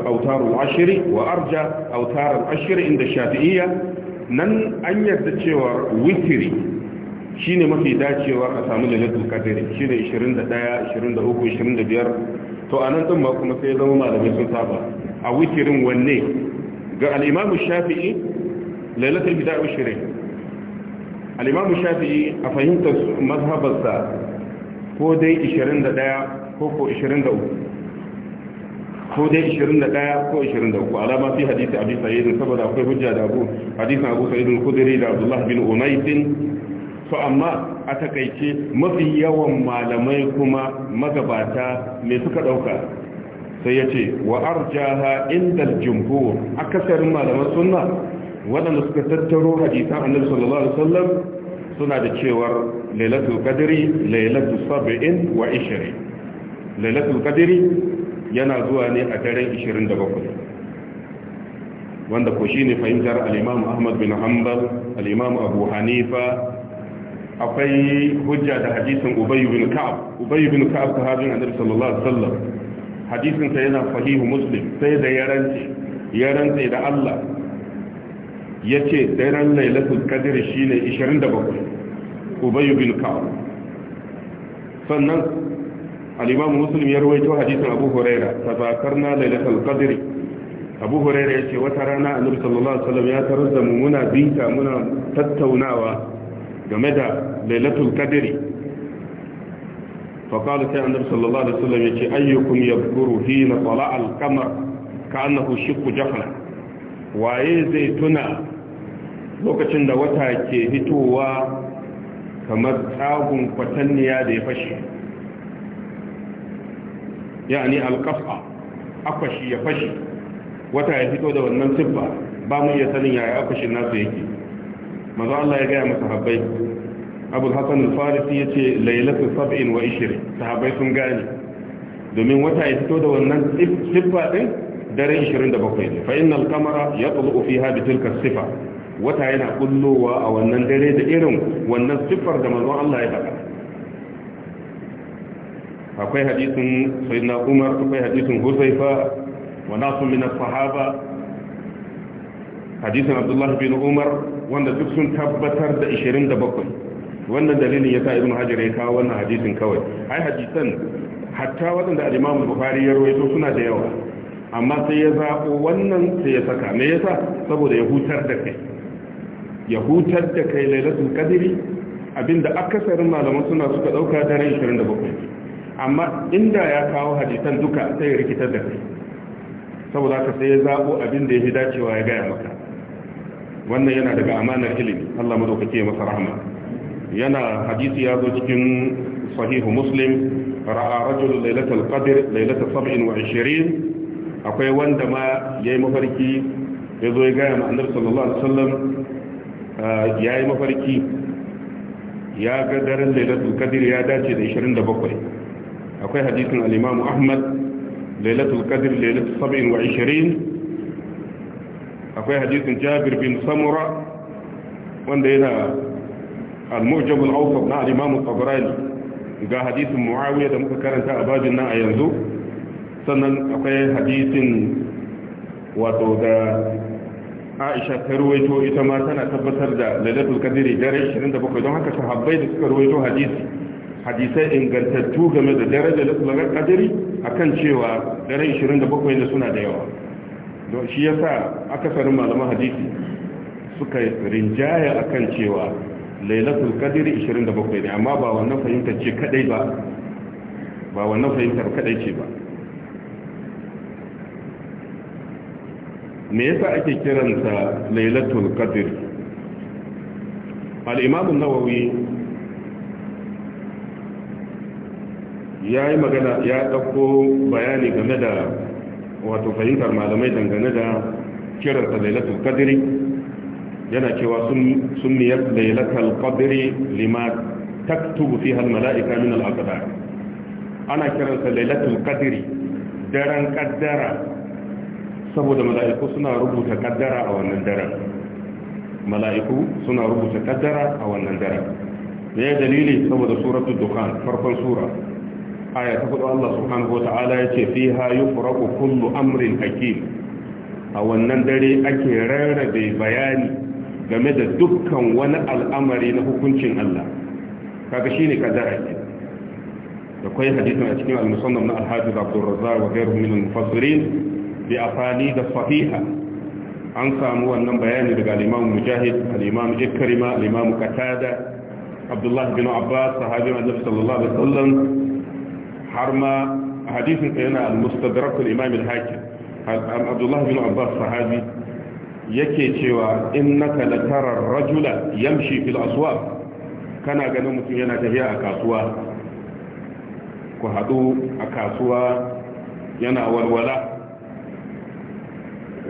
awtar al-ashr wa arja awtar al-ashr inda shafi'iyya nan an yarda cewa witri shine mafi dacewa a samu lailatul qadr shine 21 23 25 to anan din ma kuma sai zama malamin sun saba a witrin wanne ga al-imam shafi'i lailatul bid'a wa shirik al-imam shafi'i a fahimtar mazhabarsa ko dai 21 ko ko 23 ko dai 21 ko 23 alama fi hadisi abi sa'id saboda akwai hujja da abu hadisin abu sa'id al-khudri da abdullah bin unais to amma a takaice mafi yawan malamai kuma magabata me suka dauka sai ya ce wa arjaha inda jumhur akasarin malaman sunna waɗanda suka tattaro hadisan annabi sallallahu alaihi wasallam suna da cewar lailatul qadri lailatul sab'in wa 20 lailatul qadri yana zuwa ne a daren 27 wanda ko shine fahimtar al-Imam Ahmad bin Hanbal al-Imam Abu Hanifa akwai hujja da hadisin Ubay bin Ka'ab Ubay bin Ka'ab sahabin annabi sallallahu alaihi wasallam hadisin sa yana sahihu Muslim sai da yarance yarance da Allah ya ce daren lailatul kadir shi ne 27 ubayu bin kau. sannan al'imamu Musulmi ya rawaito hadisin abu huraira ta zakar na lailatul kadir abu huraira ya ce wata rana annabi sallallahu alaihi ya tarar da mu muna binta muna tattaunawa game da lailatul kadir فقال سيدنا النبي صلى الله عليه وسلم يتي أيكم يذكر حين طلع القمر كأنه شق جفنة waye zai tuna lokacin da wata ke hitowa kamar tsagun kwatanniya da ya fashe yani alƙafa akwashi ya fashe wata ya fito da wannan siffa ba mu iya sanin yaya akwashin nasu yake mazu Allah ya gaya masa habbai abu hassan alfarisi ya ce lailatu sab'in wa ishirin sahabai sun gane domin wata ya fito da wannan siffa din daren 27 ne fa innal qamara yatlu fiha bi tilka sifa wata yana kullowa a wannan dare da irin wannan siffar da mazan Allah ya faɗa akwai hadisin sayyidina Umar akwai hadisin Husayfa wa nasu min sahaba hadisin Abdullah bin Umar wanda duk sun tabbatar da 27 wannan dalilin yasa Ibn Hajar ya kawo wannan hadisin kawai ai hadisan hatta waɗanda al-Imam Bukhari ya rawaito suna da yawa amma sai ya zaɓo wannan sai ya saka me yasa saboda ya hutar da kai ya hutar da kai lailatul qadri abinda akasarin malaman suna suka dauka daren 27 amma inda ya kawo hadisan duka sai rikitar da kai saboda ka sai zabo abinda ya dacewa ya gaya maka wannan yana daga amanar ilimi Allah madaukake masa rahama yana hadisi ya zo cikin sahihu muslim ra'a rajul lailatul qadr lailatul 27 akwai wanda ma yayi mafarki ya zo ya gaya ma annabi sallallahu alaihi wasallam ya yi mafarki ya ga daren lailatul kadir ya dace da 27 akwai hadisin al-imamu ahmad lailatul kadir lailatul 27 akwai hadisin jabir bin samura wanda yana al-mu'jam al-awsat na al-imamu tabrani ga hadisin muawiya da muka karanta a babin nan a yanzu sannan akwai hadisin wato da aisha ta ruwaito ita ma tana tabbatar da lailatul qadri dare 27 don haka sahabbai da suka ruwaito hadisi hadisai ingantattu game da dare lailatul qadri akan cewa dare 27 ne suna da yawa don shi yasa akasarin malaman hadisi suka rinjaya akan cewa lailatul qadri 27 ne amma ba wannan fahimtar ce kadai ba ba wannan fahimtar kadai ce ba me yasa ake kiranta lailatul qadr al-imam an-nawawi yayi magana ya dauko bayani game da wato fahimtar malamai dangane da kiranta lailatul qadr yana cewa sun sunniyat lailatul qadr lima taktubu fiha al-mala'ika min al-aqdar ana kiransa lailatul qadr daren kaddara saboda mala'iku suna rubuta kaddara a wannan daren mala'iku suna rubuta kaddara a wannan daren dalili saboda suratu dukhan farkon sura aya ta kudu Allah subhanahu wa ta'ala ya ce fi ha yi furaku kullu amrin hakim a wannan dare ake rarrabe bayani game da dukkan wani al'amari na hukuncin Allah kaga shi ne kaddara ke. da kwai hadisin a cikin al-musannaf na al-hafiz Abdul Razzaq wa ghayruhu min al-mufassirin bi afani da sahiha an samu wannan bayani daga al Mujahid al-Imam Ikrima Katada, Abdullahi Qatada Abdullah bin Abbas sahabi Annabi sallallahu alaihi wasallam har ma hadisin sa yana al-Mustadrak al-Imam al-Hakim Abdullah bin Abbas sahabi yake cewa innaka latara ar-rajula yamshi fil aswaq kana ganin mutum yana tafiya a kasuwa ku haɗu a kasuwa yana walwala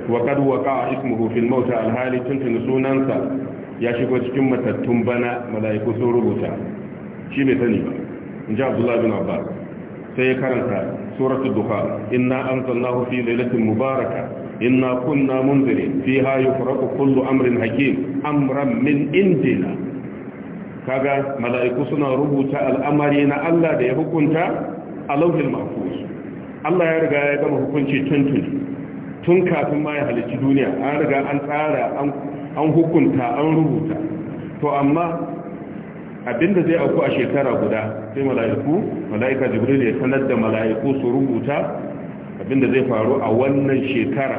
wa qad waqa ismuhu fil maut al hali tuntun sunansa ya shigo cikin matattun bana malaiku sun rubuta shi bai sani ba in ji abdullahi bin abbas sai ya karanta suratul duha inna anzalnahu fi lailatin mubaraka inna kunna munzirin fiha yufraqu kullu amrin hakim amran min indina kaga mala'iku suna rubuta al'amari na Allah da ya hukunta a lauhin mahfuz Allah ya riga ya gama hukunci tuntun tun kafin ma ya halicci duniya an riga an tsara an hukunta an rubuta to amma abinda zai auku a shekara guda sai mala'iku mala'ika jibril ya sanar da mala'iku su rubuta abinda zai faru a wannan shekara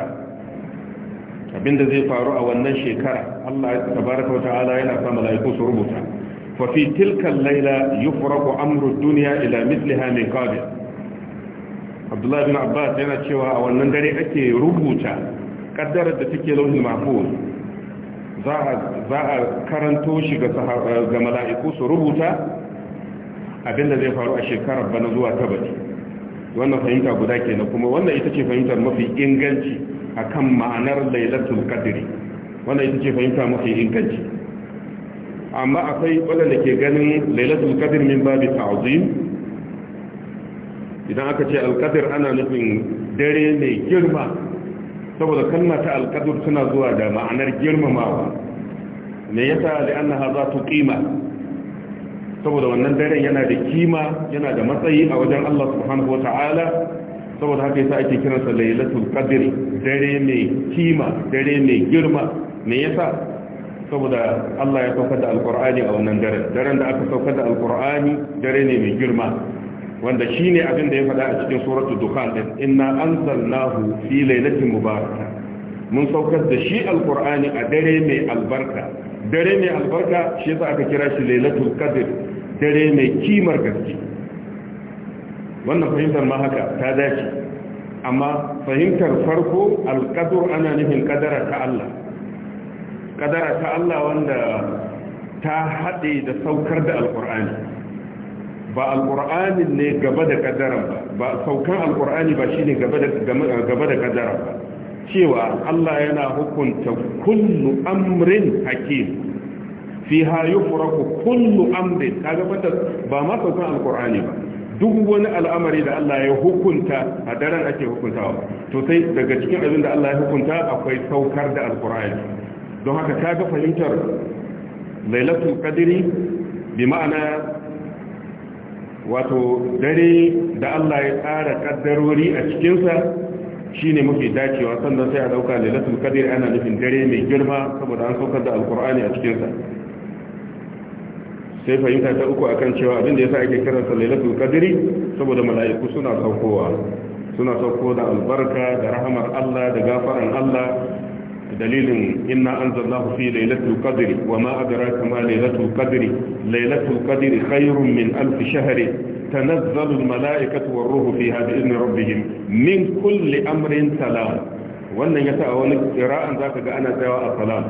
abinda zai faru a wannan shekara Allah tabaraka wa ta'ala yana sa mala'iku su rubuta fa fi tilka al-laila yufraqu amru ad-dunya ila mithliha min qabil abdullahi bin abbas yana cewa a wannan dare ake rubuta kaddarar da take launin mahfuz za a karanto shi ga mala'iku su rubuta abinda zai faru a shekarar bana zuwa tabbati wannan fahimta guda kenan kuma wannan ita ce fahimtar mafi inganci akan ma'anar lailatul qadri wannan ita ce fahimta mafi inganci amma akwai wadanda ke ganin lailatul qadr min babi ta'zim idan aka ce alƙadar ana nufin dare mai girma saboda kalmata alƙadar suna zuwa da ma'anar girmamawa me yasa da annaha za ta ƙima saboda wannan daren yana da kima yana da matsayi a wajen Allah subhanahu wa ta'ala saboda haka yasa ake kiransa lailatul qadr dare mai kima dare mai girma me yasa saboda Allah ya saukar da alqur'ani a wannan daren daren da aka saukar da alqur'ani dare ne mai girma wanda shine abin da ya faɗa a cikin suratu dukhan din inna anzalnahu fi lailatin mubarakah mun saukar da shi alkur'ani a dare mai albarka dare mai albarka shi yasa aka kira shi lailatul qadr dare mai kimar gaske wannan fahimtar ma haka ta dace amma fahimtar farko alqadr ana nufin kadara ta Allah kadara ta Allah wanda ta haɗe da saukar da alkur'ani ba Alƙur'ani ne gaba da ƙaddaran ba saukan alƙur'ani ba shi ne gaba da ƙaddaran ba cewa Allah yana hukunta kullu amrin hakim fi ha yufraku kullu amrin kaga fata ba ma saukan alƙur'ani ba duk wani al'amari da Allah ya hukunta a daren ake hukuntawa to sai daga cikin abin da Allah ya hukunta akwai saukar da alƙur'ani don haka ga fahimtar lailatul qadri bi ma'ana wato dare da Allah ya tsara kaddarori a cikinsa shine mafi dacewa sannan sai a dauka lailatul qadr ana nufin dare mai girma saboda an saukar da alkur'ani a cikinsa sai fahimta ta uku akan cewa abin da sa ake kiransa lailatul kadiri saboda mala'iku suna saukowa suna sauko da albarka da rahamar Allah da gafaran Allah dalilin inna anzalnahu fi lailatul qadri wa ma kama lailatu kadri qadri lailatul qadri min alf shahr tanazzalu al mala'ikatu war ruhu fiha bi idni rabbihim min amrin wannan yasa a wani za ka ga ana tsayawa a salam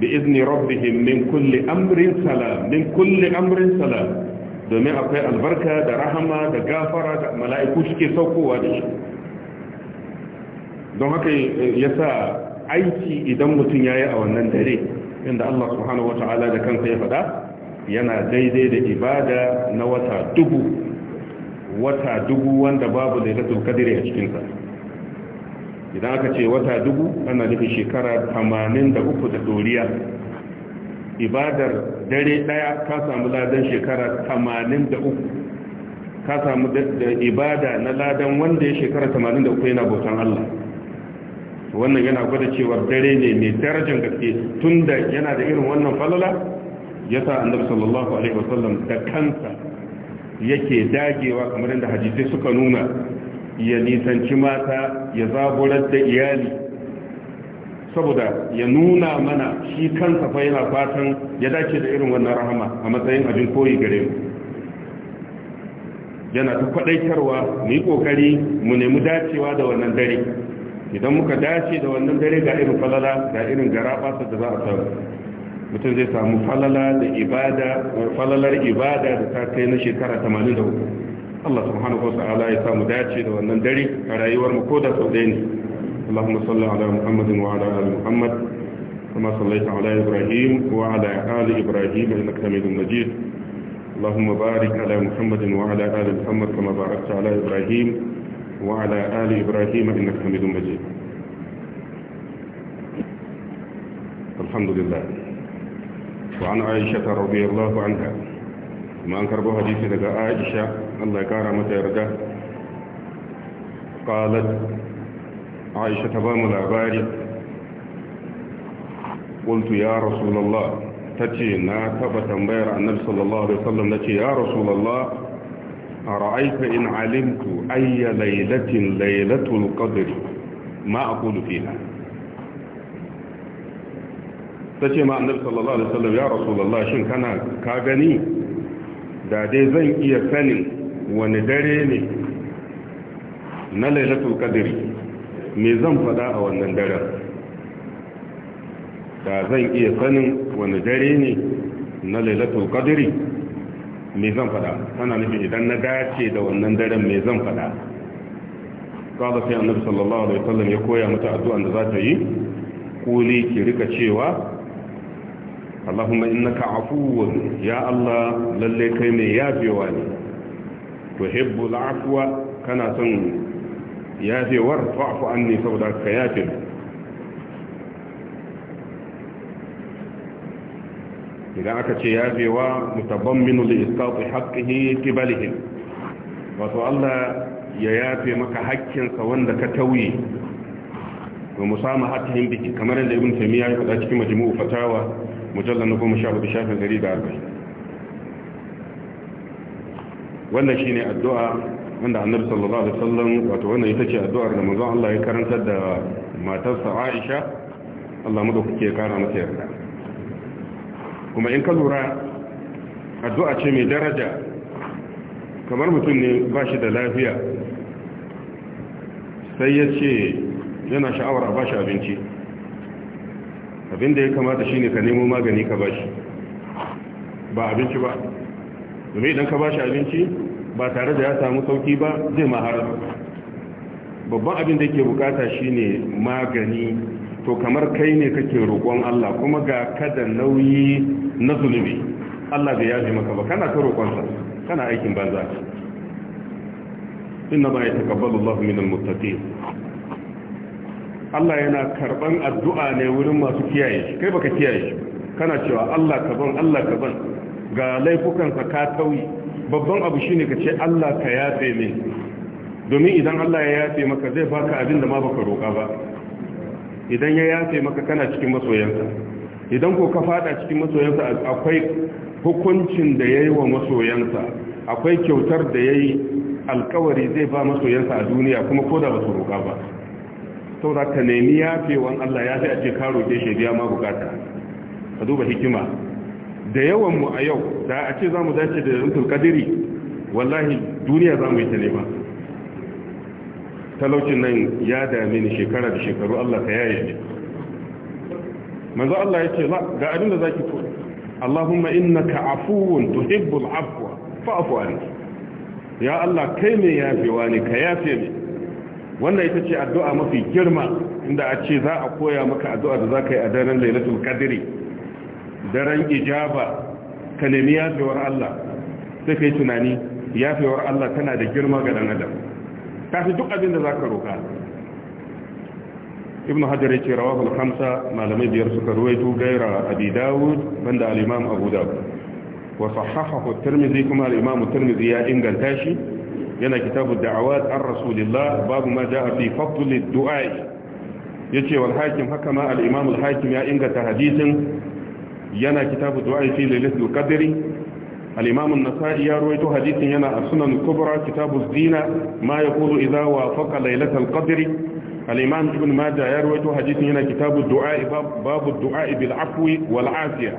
bi idni rabbihim min kulli amrin salam min kulli amrin salam domin akwai albarka da rahama da gafara da mala'iku suke saukowa da shi don haka ya sa aiki idan mutum ya yi a wannan dare inda Allah subhanahu wata'ala da kansa ya faɗa yana daidai da ibada na wata dubu wata dubu wanda babu lailatul kadiri a cikinsa idan aka ce wata dubu ana nufin shekara 83 da doriya ibadar dare daya ka samu ladan shekara 83 ka samu da ibada na ladan wanda ya shekara 83 yana bautan Allah wannan yana gwada cewa dare ne mai darajar gaske tunda yana da irin wannan falala ya sa annabi sallallahu alaihi wasallam da kansa yake dagewa kamar yadda hadisi suka nuna ya nisanci mata ya zaburar da iyali saboda ya nuna mana shi kansa fa yana fatan ya dace da irin wannan rahama a matsayin abin koyi gare mu yana ta kwadaitarwa mu yi kokari mu nemi dacewa da wannan dare idan muka dace da wannan dare ga irin falala ga irin garaba ta da za a samu mutum zai samu falala da ibada falalar ibada da ta kai na shekara 83 Allah subhanahu wata'ala ya samu dace da wannan dare a rayuwar mu ko da sau ɗaya ne Allahumma salli ala Muhammadin wa ala ali Muhammad kama sallaita ala Ibrahim wa ala ali Ibrahim innaka Hamidum Majid اللهم بارك على محمد وعلى آل محمد كما باركت على إبراهيم وعلى آل إبراهيم إنك حميد مجيد الحمد لله وعن عائشة رضي الله عنها ما أنكر به حديث لك عائشة الله متى تيرده قالت عائشة بام الأباري قلت يا رسول الله تتي نا تبا عن النبي صلى الله عليه وسلم نتي يا رسول الله أرأيت إن علمت أي ليلة ليلة القدر ما أقول فيها تشي ما النبي صلى الله عليه وسلم يا رسول الله شن كان كاغني دا دي زين إيا ثاني وندريني نا ليلة القدر ميزان فداء وندر دا زين إيا ثاني وندريني نا ليلة القدر Mai zan fada ana nufin idan na dace da wannan daren mai zan fada kaga sai annabi sallallahu alaihi wasallam ya koya mata addu'an da za ta yi kuli ki rika cewa Allahumma innaka afuwun ya Allah lalle kai mai yafewa ne tuhibbul afwa kana son yafewar fa'fu anni saboda ka yafe idan aka ce ya yafewa mutabammin li'isqati haqqihi qibalihim wato Allah ya yafe maka haƙƙinsa wanda ka tauye wa musamaha ta biki kamar yadda ibn taymiya ya faɗa cikin majmu'u fatawa mujallal na sha 14 shafin gari da arba'in. wannan shi ne addu'a wanda annabi sallallahu alaihi wasallam wato wannan ita ce addu'ar da manzon Allah ya karanta da matarsa Aisha Allah madaukake ya kara mata yarda kuma in ka lura addu'a ce mai daraja kamar mutum ne ba shi da lafiya sai ya ce yana sha'awar a ba shi abinci abinda ya kamata shi ne ka nemo magani ka ba shi ba abinci ba domin idan ka ba shi abinci ba tare da ya samu sauki ba zai mahara babban abin da ke bukata shine magani to kamar kai ne kake roƙon Allah kuma ga kada nauyi na zunubi Allah bai yaji maka ba kana ta roƙonsa kana aikin banza inna ma yataqabbalu Allahu al muttaqin Allah yana karban addu'a ne wurin masu kiyaye kai baka kiyaye kana cewa Allah ka ban Allah ka ban ga laifukansa ka tauyi babban abu shine ka ce Allah ka yafe min domin idan Allah ya yafe maka zai baka abin da ma baka roƙa ba idan ya yafe maka kana cikin masoyanka idan ko ka fada cikin masoyansa akwai hukuncin da ya yi wa masoyansa akwai kyautar da ya yi alkawari zai ba masoyansa a duniya kuma ko da ba su roƙa ba saura ka nemi yafewan Allah ya fi ake karo ke shi ma bukata ka duba hikima da yawan mu a yau da a ce za mu dace da rintul kadiri wallahi duniya za mu yi ta nema talaucin nan ya dame ni shekara da shekaru Allah ta yaye manzo Allah yace la ga abin da zaki koyi Allahumma innaka afuwun tuhibbul afwa fa'fu anni ya Allah kai ne yafewa ne ka yafe ni wannan ita ce addu'a mafi girma inda a ce za a koya maka addu'a da zaka yi a daren Lailatul Qadri daren ijaba ka nemi yafewar Allah sai kai tunani yafewar Allah tana da girma ga dan adam kafi duk abin da zaka roka ibn hajar ya ce rawahu al-khamsa malamai biyar suka ruwaito gaira abi dawud banda al-imam abu dawud wa sahahahu at-tirmidhi kuma al-imam at-tirmidhi ya inganta shi yana kitabu da'awat ar-rasulillah babu ma ja'a fi fadl ad-du'a yace wal hakim haka ma al-imam al-hakim ya inganta hadisin yana kitabu du'a fi lailatul qadri الإمام النسائي يروي حديث ينا السنن الكبرى كتاب الزينة ما يقول إذا وافق ليلة القدر al-imam ibn maja ya rawaito hadisin yana kitabu du'a babu du'a bil afwi wal afiya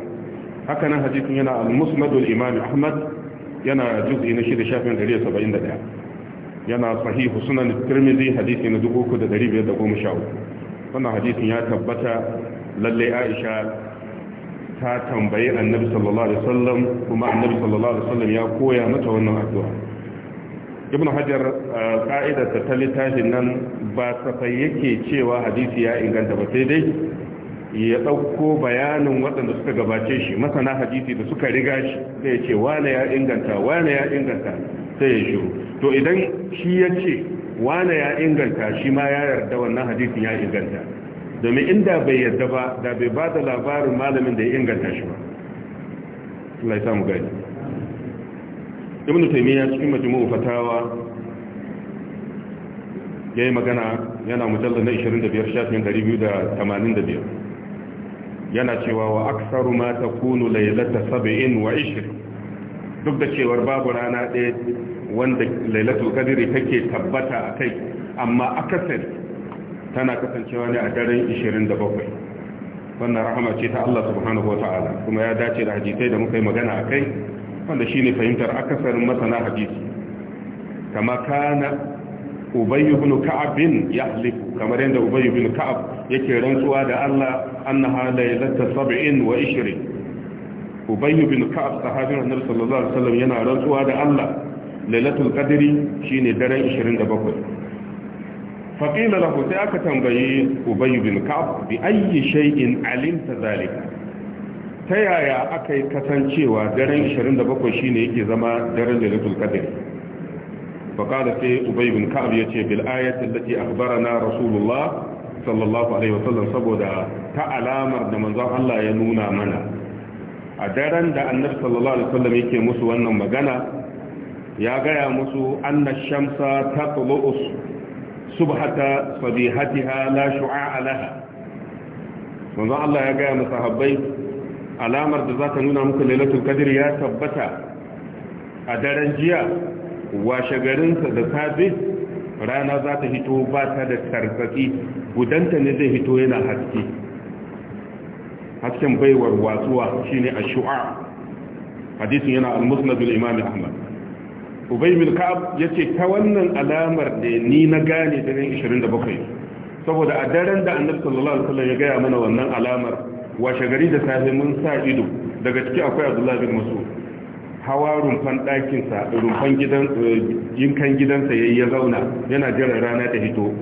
haka nan hadisin yana al-musnad al-imam ahmad yana juz'i na 6 shafin 171 yana sahihu sunan tirmidhi hadisi na 3513 wannan hadisin ya tabbata lalle aisha ta tambayi annabi sallallahu alaihi wasallam kuma annabi sallallahu alaihi wasallam ya koya mata wannan addu'a ibn hajar ka'idarsa ta littafin nan ba safai yake cewa hadisi ya inganta ba sai dai ya ɗauko bayanin waɗanda suka gabace shi masana hadisi da suka riga shi sai ya ce wane ya inganta wane ya inganta sai ya shiru to idan shi ya ce wane ya inganta shi ma ya yarda wannan hadisin ya inganta domin inda bai yarda ba da bai ba da labarin malamin da ya inganta shi ba Allah ya samu gani ibn taymiya cikin majmu'u fatawa yayi magana yana mujallal na 25 shafin 285 yana cewa wa aktsaru ma takunu laylata 27 duk da cewar babu rana ɗaya wanda lailatul qadri take tabbata a kai amma akasar tana kasancewa ne a daren 27 wannan rahama ce ta Allah subhanahu ta'ala kuma ya dace da hadisai da muka yi magana a kai wanda ne fahimtar akasarin masana hadisi kama kana ubayy bin ka'ab bin yahlifu kamar yadda ubayy bin ka'ab yake rantsuwa da Allah annaha laylata 27 ubayy bin ka'ab sahabin annabi sallallahu alaihi wasallam yana rantsuwa da Allah lailatul qadri shine daren 27 faqila lahu sai aka tambaye ubayy bin ka'ab bi ayyi shay'in alimta zalika ta yaya aka yi kasancewa daren 27 shi ne yake zama daren da lalatul kadir faƙada sai ubai bin ya ce bil ayatul da na rasulullah sallallahu alaihi wasallam saboda ta alamar da manzan allah ya nuna mana a daren da annar sallallahu alaihi wasallam yake musu wannan magana ya gaya musu anna shamsa ta tulus subhata sabihatiha la allah ya gaya musu habbai alamar da za ta nuna muku lailatul kadir ya tabbata a daren jiya washe garinsa da safe rana za ta hito ba ta da tarzaki, gudanta ne zai hito yana haske hasken baiwar watsuwa shine a shua hadisun yana al-musnad al-imam ahmad ubay bin ka'ab yace ta wannan alamar da ni na gane 27 saboda a daren da annabi sallallahu alaihi wasallam ya gaya mana wannan alamar washe gari da safe mun sa ido daga ciki akwai abdullahi bin masu hawa rumfan ɗakinsa rumfan yinkan eh, gidansa ya ya zauna yana jiran rana ta hito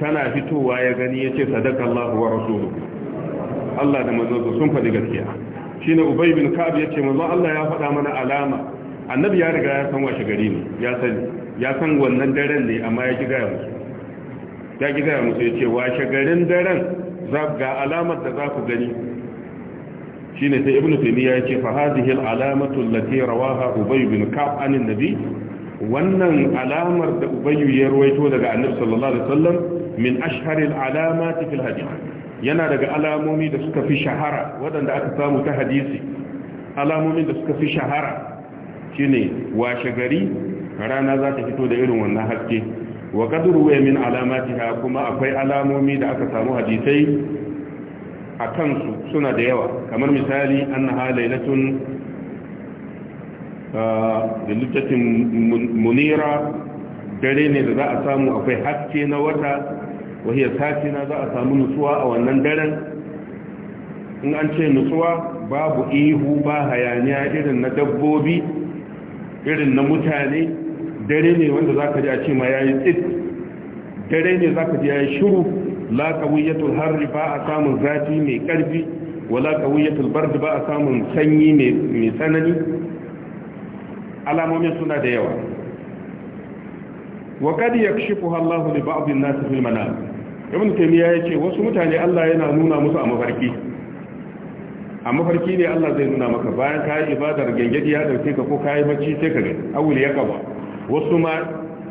tana fitowa ya gani ya ce sadaka Allah wa rasulu Allah da manzansa sun faɗi gaskiya shi ne ubai bin ka'ab ya ce manzon Allah ya faɗa mana alama annabi ya riga ya san washe gari ne ya sani ya san wannan daren ne amma ya ki gaya musu ya ki gaya musu ya ce washe garin daren ga alamar da za ku gani shi ne sai ibnu taymiya yace fa hadhihi al-alamatu allati rawaha ubay bin ka'b an an-nabi wannan alamar da ubay ya ruwaito daga annabi sallallahu alaihi wasallam min ashharil alamati fil hadith yana daga alamomi da suka fi shahara wadanda aka samu ta hadisi alamomin da suka fi shahara shine washe gari rana za ta fito da irin wannan haske wa qadru wa min alamatiha kuma akwai alamomi da aka samu hadisai a kansu suna da yawa kamar misali annaha lailatun ah, lillatin munira dare ne da za a samu akwai haske na wata wahiyar na za a samu nutsuwa a wannan daren in an ce nutsuwa babu ihu ba hayaniya irin na dabbobi irin na mutane dare ne wanda za ka ji a ce ma ya yi tsit dare ne za ka ji ya yi shuru la harri ba a samun zafi mai karfi Wa kawiyatul bardi ba a samun sanyi mai tsanani alamomin suna da yawa wa kad yakshifuha Allahu li ba'd an-nas fil manam ibn taymiya yace wasu mutane Allah yana nuna musu a mafarki a mafarki ne Allah zai nuna maka bayan ka yi ibadar gangadi ya dauke ka ko ka yi bacci sai ka ga awul ya kaba wasu ma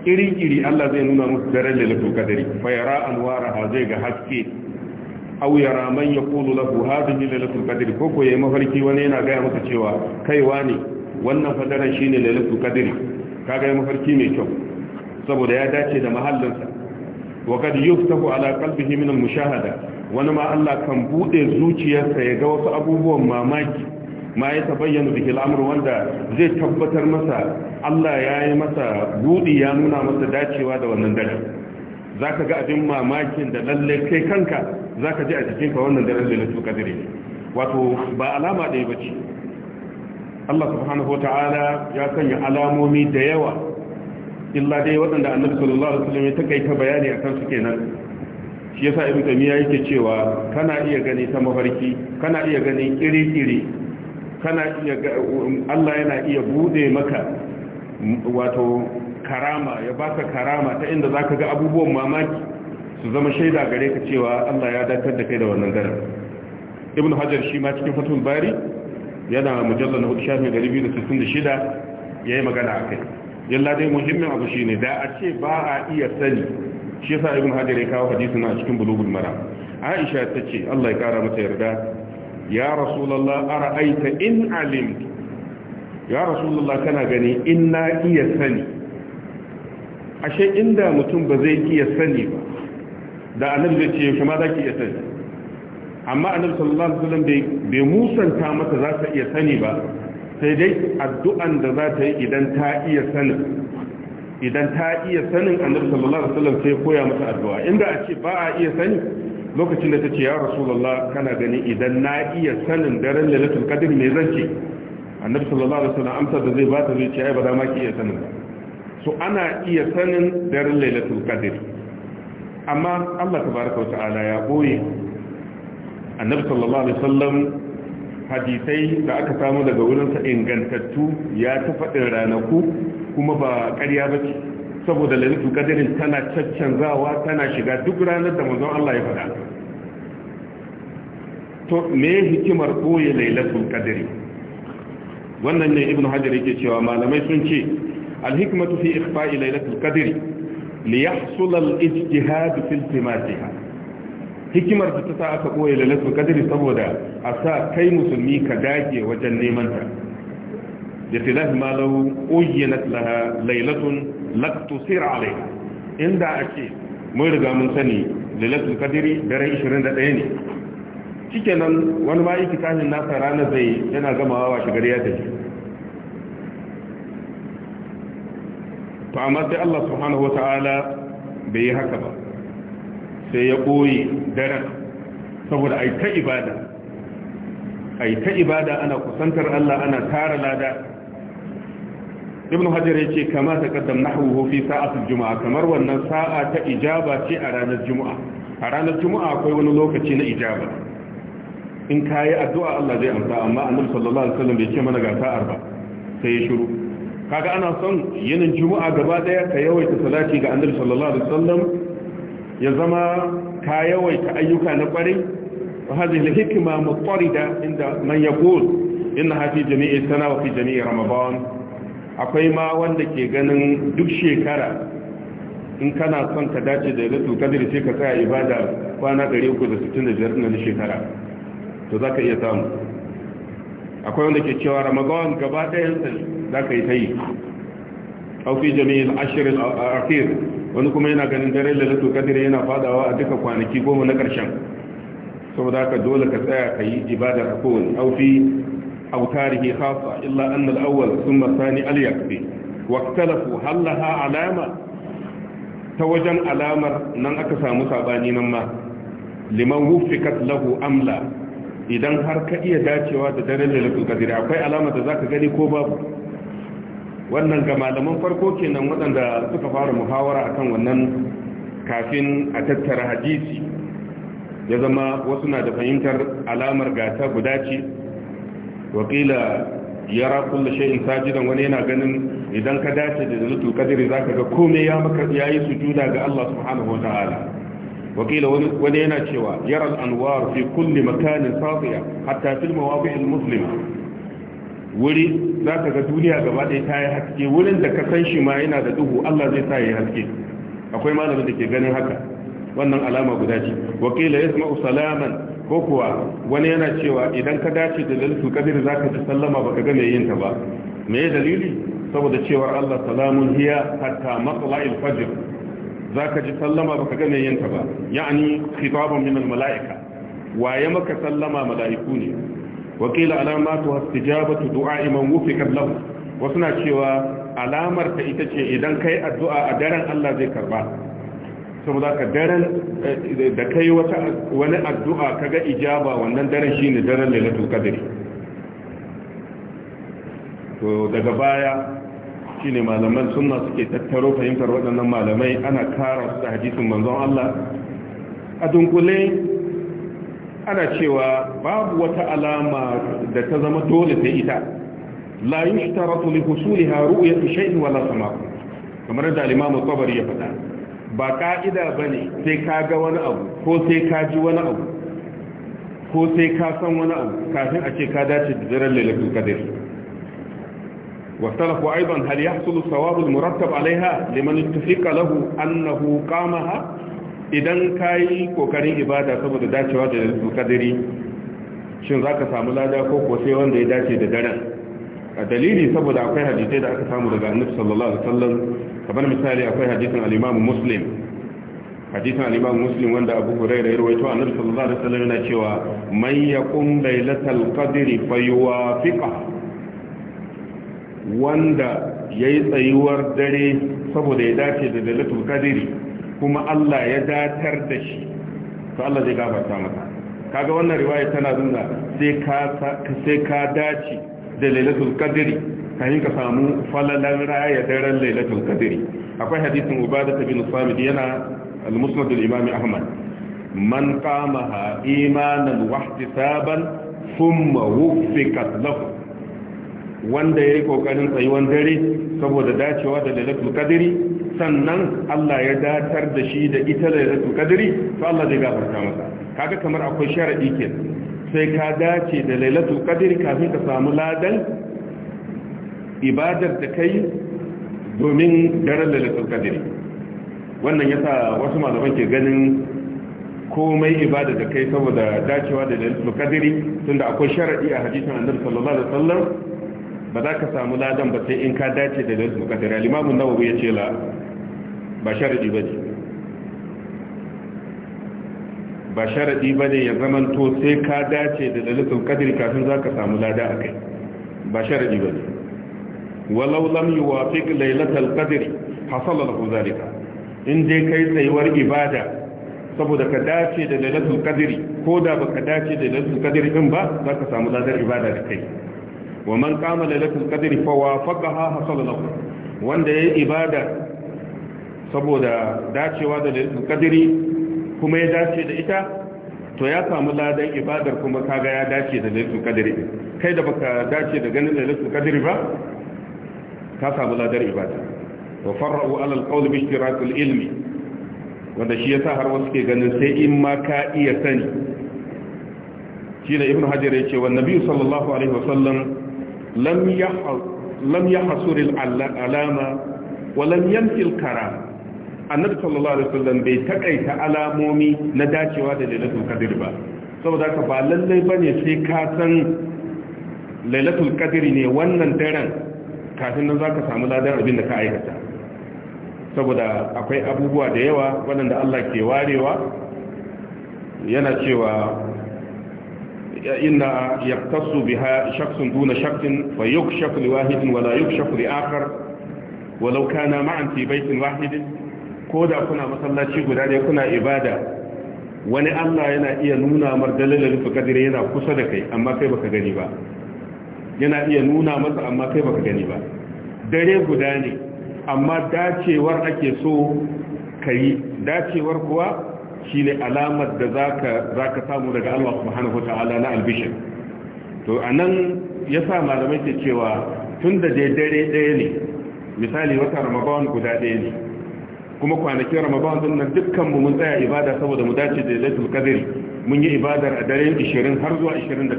iri-iri Allah zai nuna musu daren lalatul kadari fayara ha zai ga haske aw yara man yaqulu lahu hadhihi lailatul ko ko mafarki wani yana gaya masa cewa kai wani wannan fadaran shine lailatul kadari kaga gaya mafarki mai kyau saboda ya dace da mahallinsa wa kad yuftahu ala qalbihi min al-mushahada wani ma Allah kan bude zuciyarsa ya ga wasu abubuwan mamaki ma ya ta tabayyana bihi al'amr wanda zai tabbatar masa Allah ya yi masa budi ya nuna masa dacewa da wannan dare zaka ga abin mamakin da lalle kai kanka zaka ji a cikin ka wannan da lailatul dare? wato ba alama ɗaya bace Allah subhanahu wataala ya sanya alamomi da yawa illa dai waɗanda annabi sallallahu alaihi wasallam ya takaita bayani akan su kenan shi yasa ibnu tamiya yake cewa kana iya gani ta mafarki kana iya gani kiri-kiri kana iya um, Allah yana iya bude maka mm, wato karama ya baka karama ta inda zaka ga abubuwan mamaki su zama shaida gare ka cewa Allah ya dantar da kai da wannan daren Ibn hajar shi ma cikin fatul bari yana mujallal na 1266 yayi magana akai yalla dai muhimmin abu shine da a ce ba a iya sani shi sa Ibn hajar ya kawo hadisi a cikin bulughul maram aisha tace Allah ya kara mata yarda ya rasulallah ara'aita in alimtu ya rasulallah kana gani in iya sani ashe inda mutum ba zai iya sani ba da annabi zai ce yaushe ma za iya sani amma annabi sallallahu alaihi wasallam bai musanta mata za ta iya sani ba sai dai addu'an da za ta yi idan ta iya sanin idan ta iya sanin annabi sallallahu alaihi wasallam sai koya mata addu'a inda a ce ba a iya sani lokacin da ta ce ya rasulullah kana gani idan na iya sanin daren lailatul kadir me zan ce annabi sallallahu alaihi wasallam amsa da zai bata zai ce ai ba za ma ki iya sanin ba so ana iya sanin daren lailatul kadir. amma Allah tabaraka wa ta'ala ya boye annabi sallallahu alaihi wasallam hadisai da aka samu daga wurinsa ingantattu ya ta faɗin ranaku kuma ba ƙarya ba ce saboda lailatul kadirin tana caccanzawa tana shiga duk ranar da manzon Allah ya faɗa to me hikimar ɓoye lailatul kadiri? wannan ne ibnu hajar yake cewa malamai sun ce alhikmatu fi ikhfa'i lailatul kadiri. li ya al-ijtihad fi iltimasiha hikimar da ta sa aka ɓoye lailatul kadiri saboda a sa kai musulmi ka dage wajen neman ta da filah ma law uyyanat laha lailatun sir alai inda ake mun riga mun sani lailatul qadri daren 21 ne cike nan wani ma ikitafin nasa ranar zai yana gamawa wa shigar ya tafi to amma sai Allah subhanahu wata'ala bai yi haka ba sai ya koyi daren saboda ai ta ibada ai ta ibada ana kusantar Allah ana tara lada ibn hajar yace kama ta kaddam nahwu fi sa'atul juma'a kamar wannan sa'a ta ijaba ce a ranar juma'a a ranar juma'a akwai wani lokaci na ijaba in kayi addu'a Allah zai amsa amma annabi sallallahu alaihi wasallam bai ce mana ga sa'ar ba sai ya shiru kaga ana son yinin juma'a gaba daya ka yawaita salati ga annabi sallallahu alaihi wasallam ya zama ka yawaita ayyuka na kwarai wa hadhihi al-hikma mutarida inda man yaqul innaha fi jami'i sana wa fi jami'i ramadan akwai ma wanda ke ganin duk shekara in kana son ka dace da lailatul qadr sai ka tsaya ibada kwana 365 na shekara to za ka iya samu akwai wanda ke cewa ramadan gaba ɗayan za ka yi ta yi ƙaufi jami'in ashirin a al-akhir wani kuma yana ganin dare lailatul kadiri yana fadawa a duka kwanaki goma na ƙarshen saboda haka dole ka tsaya ka yi ibada a kowane ƙaufi أوتاره خاصة إلا أن الأول ثم الثاني اليكفي واختلفوا هل لها علامة توجن علامة نن أكسى مصاباني نما liman wufikat lahu amla idan har ka iya dacewa da daren lailatul qadr akwai alama da zaka gani ko babu wannan ga malaman farko kenan waɗanda suka fara muhawara akan wannan kafin a tattara hadisi ya zama wasu na da fahimtar alamar gata guda ce wakila yara kulla shayin sajidan wani yana ganin idan ka dace da zalatul za ka ga komai ya maka ya yayi sujuda ga Allah subhanahu wa ta'ala wakila wani yana cewa yara al-anwar fi kulli makanin safiya hatta fil mawaqi' al-muslima wuri zaka ga duniya gaba ɗaya ta yi haske wurin da ka san shi ma yana da duhu Allah zai sa ya yi haske akwai malamin da ke ganin haka wannan alama guda ce wakila yasma'u salaman ko kuwa wani yana cewa idan ka dace da lalitul kadir za ka ci sallama baka ka mai yin ta ba me dalili saboda cewa Allah salamun hiya hatta matla'il fajr za ka ji sallama baka ka mai yin ta ba ya'ani khitaban mala'ika waye maka sallama mala'iku ne wakila alamatu istijabatu du'a man wufika lahu wasu na cewa alamar ta ita ce idan kai addu'a a daren Allah zai karba saboda ka daren eh, da kai wata wani addu'a ka ga ijaba wannan daren shine daren lailatul kadiri to daga baya shine malaman sunna suke tattaro fahimtar waɗannan malamai ana kara su da hadisin manzon Allah a dunkule ana cewa babu wata alama da ta zama dole sai ita la yushtaratu li husuliha ru'yatu shay'in wala sama kamar da alimamu imam ya faɗa ba ka'ida ba ne sai ka ga wani abu ko sai ka ji wani abu ko sai ka san wani abu kafin a ce ka dace da daren wasu qadr واختلفوا أيضا هل يحصل الثواب المرتب alaiha لمن اتفق له annahu قامها idan ka yi kokarin ibada saboda dacewa da kadiri shin za ka samu lada ko ko sai wanda ya dace da daren a dalili saboda akwai hadisai da aka samu daga annabi sallallahu alaihi wasallam kamar misali akwai hadisin al-Imam Muslim hadisin al-Imam Muslim wanda Abu Hurairah ya rawaito annabi sallallahu alaihi wasallam yana cewa man yaqum lailatal qadri yuwafiqa wanda yayi tsayuwar dare saboda ya dace da lailatul qadri kuma Allah ya datar da shi to Allah zai gafarta maka kaga wannan riwaya tana nuna sai ka sai ka dace da lailatul qadri kayan ka samu falalan raya daren lailatul qadri akwai hadisin ubada bin samit yana al-musnad al-imam ahmad man qamaha imanan wa ihtisaban thumma wuffiqat lahu wanda yayi kokarin tsayuwan dare saboda dacewa da lailatul qadri sannan Allah ya datar da shi da ita lailatul qadri to Allah zai gafarta masa kaga kamar akwai sharadi kenan sai ka dace da lailatul qadri kafin ka samu ladan ibadar da kai domin daren lalatul kadiri wannan yasa wasu malaman ke ganin komai ibada da kai saboda dacewa da lalatul kadiri tunda akwai sharadi a hadisin annabi sallallahu alaihi wasallam ba za ka samu ladan ba sai in ka dace da lalatul kadiri al-imam an-nawawi yace la ba sharadi bace ba sharadi ne ya zamanto sai ka dace da lalatul kadiri kafin za ka samu lada akai ba sharadi ne. walau lam yuwafiq lailatul qadri hasala lahu zalika in dai kai tsayuwar ibada saboda ka dace da lailatul qadri ko da baka dace da lailatul qadri in ba za ka samu ladar ibada da kai wa man kama lailatul qadri fa wafaqaha hasala lahu wanda ya yi ibada saboda dacewa da lailatul qadri kuma ya dace da ita to ya samu ladan ibadar kuma kaga ya dace da lailatul qadri kai da baka dace da ganin lailatul qadri ba ka samu ladar ibada wa farra'u alal qawl bi ishtirakil ilmi wanda shi yasa har wasu ke ganin sai in ma ka iya sani shine ibnu hajar yace wa nabi sallallahu alaihi wasallam lam yahal lam yahsur al alama wa lam yamtil karam annabi sallallahu alaihi wa sallam bai takaita alamomi na dacewa da lailatul qadr ba saboda haka ba lallai bane sai ka san lailatul qadr ne wannan daren kafin nan za ka samu ladar abin da ka aikata saboda akwai abubuwa da yawa waɗanda Allah ke warewa yana cewa inna yaktasu biha shakhsun duna shakhsin fa yukshafu li wahidin wala yukshafu li akhar walau kana ma'an fi baitin wahidin ko da kuna masallaci guda ne kuna ibada wani Allah yana iya nuna mar dalilin fukadire yana kusa da kai amma kai baka gani ba yana iya nuna masa amma kai baka gani ba dare guda ne amma dacewar ake so ka yi dacewar kuwa shi ne alamar da za ka samu daga Allah subhanahu wataala na albishir to a nan ya sa malamai ke cewa tun da dai dare ɗaya ne misali wata ramadan guda ɗaya ne kuma kwanakin ramadan sun nan dukkan mu mun tsaya ibada saboda mu dace da lailatul qadr mun yi ibadar a daren 20 har zuwa 29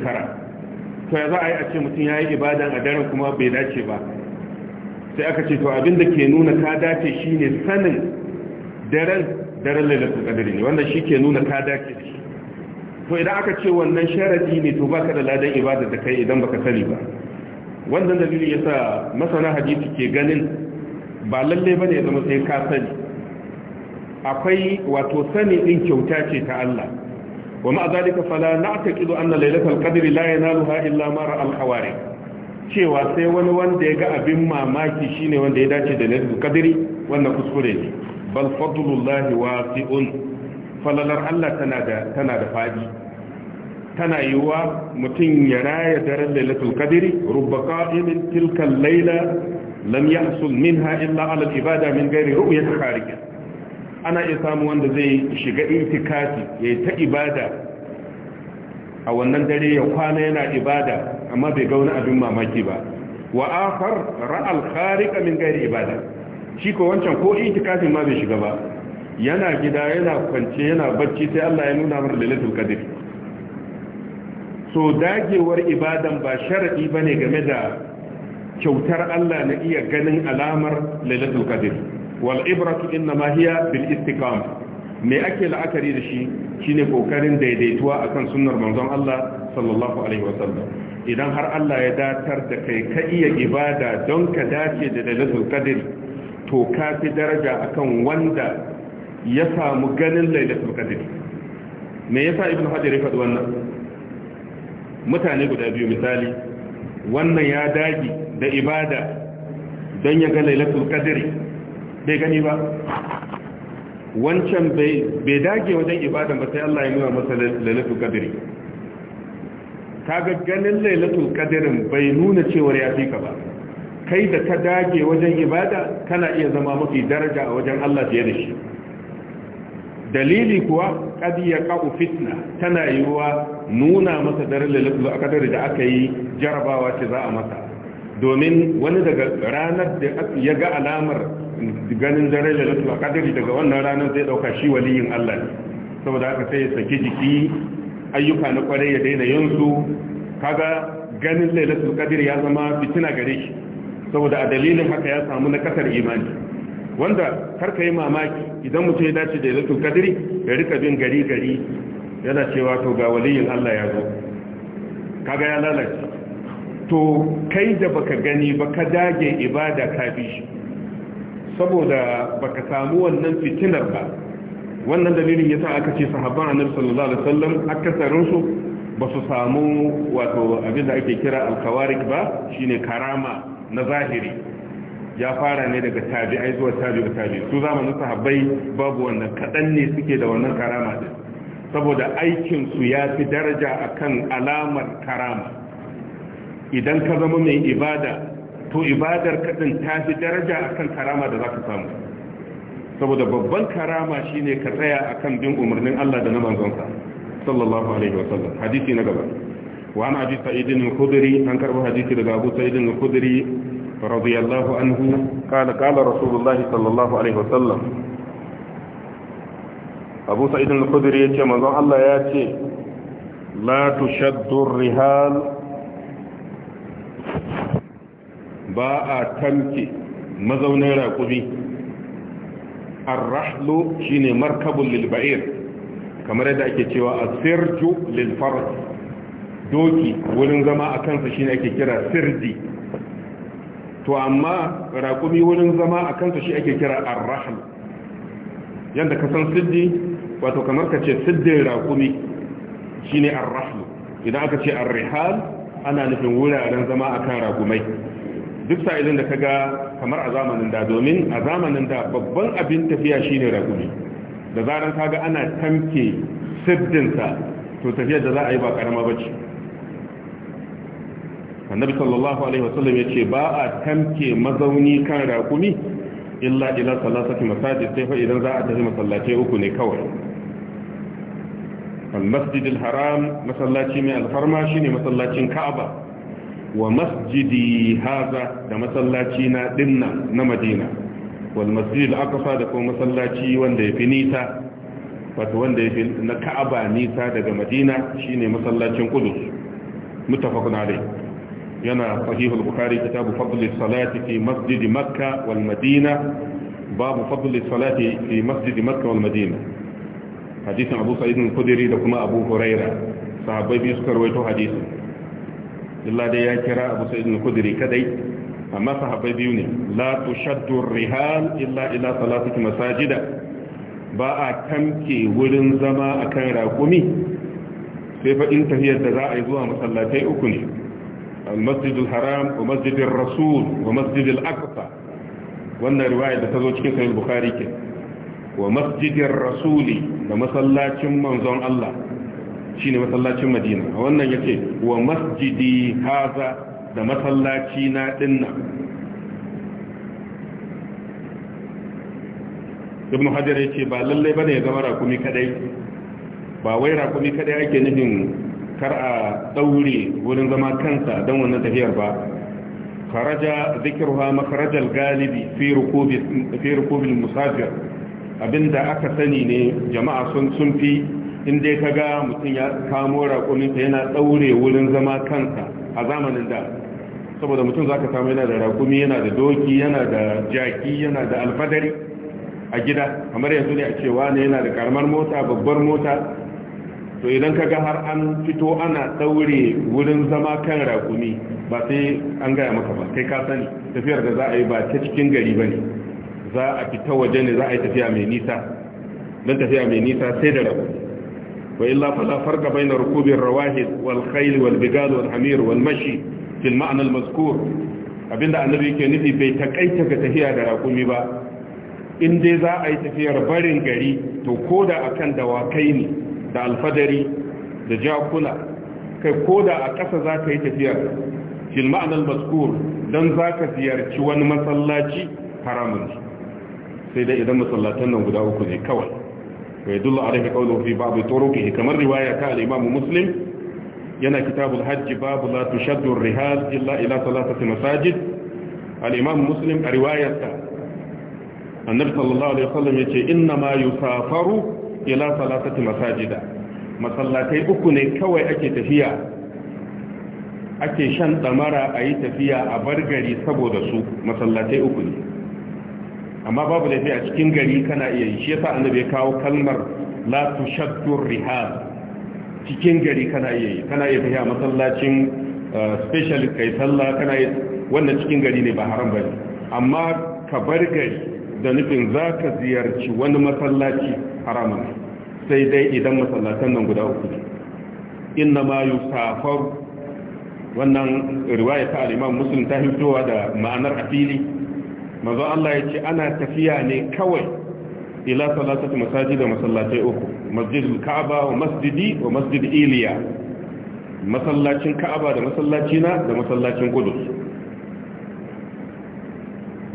to ya za a yi a ce mutum ya yi ibadan a daren kuma bai dace ba sai aka ce to abin da ke nuna ka dace shi ne sanin daren daren lalata qadri ne wannan shi ke nuna ka dace shi to idan aka ce wannan sharadi ne to ba ka da ladan ibada da kai idan baka sani ba wannan dalili yasa masana hadisi ke ganin ba lalle ba ne ya zama sai ka sani akwai wato sani din kyauta ce ta Allah wa ma zalika fala na'taqidu anna lailatul qadri la yanaluha illa ma ra'a cewa sai wani wanda ya ga abin mamaki shine wanda ya dace da lailatul qadri wannan kuskure ne bal fadlullahi wasi'un falalar Allah tana da tana da fadi tana yiwa mutum ya raya daren lailatul qadri rubba qa'imin tilka layla lam yahsul minha illa ala al-ibada min ghairi ru'yat kharija ana iya samu wanda zai shiga itikafi ya yi ta ibada a wannan dare ya kwana yana ibada amma bai ga abin mamaki ba wa akhar ra'al khariqa min ghairi ibada shi ko wancan ko itikafin ma bai shiga ba yana gida yana kwance yana bacci sai Allah ya nuna mar lailatul qadr so dagewar ibadan ba shar'i bane game da kyautar Allah na iya ganin alamar lailatul qadr wal Inna innama hiya bil istiqama me ake la'akari da shi Shi ne kokarin daidaituwa a kan sunar manzon Allah sallallahu alaihi wasallam idan har Allah ya datar da kai ka iya ibada don ka dace da lailatul qadr to ka fi daraja akan wanda ya samu ganin lailatul qadr me ya sa Ibn hajar ya faɗi wannan mutane guda biyu misali wannan ya dagi da ibada don ya ga lailatul qadr bai gani ba wancan bai dage wajen ibadan ba sai Allah ya nuna masa lailatul qadri kaga ganin lailatul qadrin bai nuna cewa ya fika ba kai da ka dage wajen ibada kana iya zama mafi daraja a wajen Allah fiye da shi dalili kuwa kad ya ka'u fitna tana yiwuwa nuna masa daren lailatul qadri da aka yi jarabawa ce za a masa domin wani daga ranar da ya ga alamar ganin dare da latul kadari daga wannan ranar zai dauka shi waliyin Allah ne saboda haka sai ya saki jiki ayyuka na kwarai ya daina yansu kaga ganin lailatul qadr ya zama fitina gare shi saboda a dalilin haka ya samu na kasar imani wanda karka yi mamaki idan mutum ya dace da lailatul qadr ya rika bin gari gari yana cewa to ga waliyin Allah ya zo kaga ya lalace to kai da baka gani ba ka dage ibada ka shi saboda baka samu wannan fitinar ba wannan dalilin yasa aka ce sahabban annabi sallallahu alaihi wasallam akasarin su ba su samu wato abin da ake kira alkawarik ba shine karama na zahiri ya fara ne daga tabi'ai zuwa tabi'u tabi su zamanin sahabbai babu wannan kadan ne suke da wannan karama din saboda aikin su ya fi daraja akan alamar karama idan ka zama mai ibada to ibadar kadin ta fi daraja akan karama da za zaka samu saboda babban karama shi ne ka tsaya a kan bin umarnin Allah da na manzonsa sallallahu alaihi wasallam hadisi na gaba wa an abi sa'id al-khudri an karbo hadisi daga abu sa'id al-khudri radiyallahu anhu kana qala rasulullah sallallahu alaihi wasallam abu sa'id al-khudri yace manzon Allah yace la tushaddu ar-rihal ba a tamke mazaunin raƙumi arrahlu shine markabun lilba'ir kamar yadda ake cewa a sirju lilfaras doki wurin zama a kansa shine ake kira sirdi to amma raƙumi wurin zama a kansa shi ake kira arrahlu yadda ka san siddi wato kamar ka ce siddin raƙumi shine arrahlu idan aka ce arrihal ana nufin wuraren zama akan raƙumai duk sa'ilin da ga kamar a zamanin da domin a zamanin da babban abin tafiya shine ragumi da zaran kaga ana tamke siddinsa to tafiyar da za a yi ba karama bace annabi sallallahu alaihi wasallam yace ba a tamke mazauni kan rakumi illa ila salasati masajid sai fa idan za a tafi masallace uku ne kawai al masjid al haram masallaci mai alfarma shine masallacin ka'aba wa masjidi haza da masallaci na dinna na madina wal masjid al-aqsa da kuma masallaci wanda ya fi nisa wato wanda ya fi na ka'aba nisa daga madina shine masallacin qudus muttafaqun alayh yana sahihul bukhari kitabu fadli salati fi masjidi Makka, wal madina babu fadli salati fi masjidi Makka, wal madina hadisin abu sa'id al-khudri da kuma abu huraira sahabbai bi suka rawaito hadisin illa dai ya kira abu sa'id al-khudri kadai amma sahabbai biyu ne la tushaddu rihal illa ila salatati masajida ba a wurin zama akan raƙumi sai fa in tafiyar da za a yi zuwa masallatai uku ne al-masjid al-haram wa masjid ar-rasul wa masjid al-aqsa wannan riwaya da ta zo cikin sahih bukhari ke wa masjid ar-rasuli da masallacin manzon Allah ne masallacin madina wannan yace wa masjidi haza da masallaci na dinna ibn ya yace ba lalle bane ya zama rakumi kadai ba wai rakumi kadai ake nufin kar a daure wurin zama kansa don wannan tafiyar ba faraja zikruha makarajar galibi fi rukubi fi musafir abinda aka sani ne jama'a sun fi in dai ka ga mutum ya kamo raƙuninsa yana ɗaure wurin zama kansa a zamanin da saboda mutum za ka samu yana da raƙumi yana da doki yana da jaki yana da alfadari a gida kamar yanzu ne a cewa ne yana da karamar mota babbar mota to idan ka ga har an fito ana ɗaure wurin zama kan raƙumi ba sai an gaya maka ba kai ka sani tafiyar da za a yi ba ta cikin gari ba ne za a fita waje ne za a yi tafiya mai nisa don tafiya mai nisa sai da raƙumi وإلا فلا فرق بين ركوب الرواهد والخيل والبقال والحمير والمشي في المعنى المذكور abinda annabi ke nufi bai takaita ga tafiya da rakumi ba in dai za a yi tafiyar barin gari to koda akan dawakai ne da alfadari da jakuna kai koda a ƙasa za ka yi tafiyar fil ma'anar maskur don za ka ziyarci wani masallaci haramun sai dai idan masallatan nan guda uku ne kawai ويدل عليه قوله في بعض طرقه كما الرواية قال الإمام مسلم ينا كتاب الحج باب لا تشد الرهال إلا إلى ثلاثة مساجد الإمام مسلم رواية النبي صلى الله عليه وسلم يقول إنما يسافر إلى ثلاثة مساجد masallatai uku ne kawai ake tafiya ake shan damara a yi tafiya a bar gari saboda su masallatai uku ne amma babu laifi a cikin gari kana iya yi shi yasa annabi ya kawo kalmar la tushaddu rihal cikin gari kana iya yi kana iya tafiya masallacin eh, special kai sallah kana iya wannan cikin gari ne ba haram bane amma ka bar gari da nufin za ka ziyarci wani masallaci haramun sai dai idan masallatan nan guda uku ne inna ma yusafar wannan riwaya ta al-Imam Muslim ta hitowa da ma'anar afili manzo Allah ya ce ana tafiya ne kawai ila salatati masajid da masallatai uku Masjidin ka'aba wa masjidi wa masjid iliya masallacin ka'aba da masallacina da masallacin qudus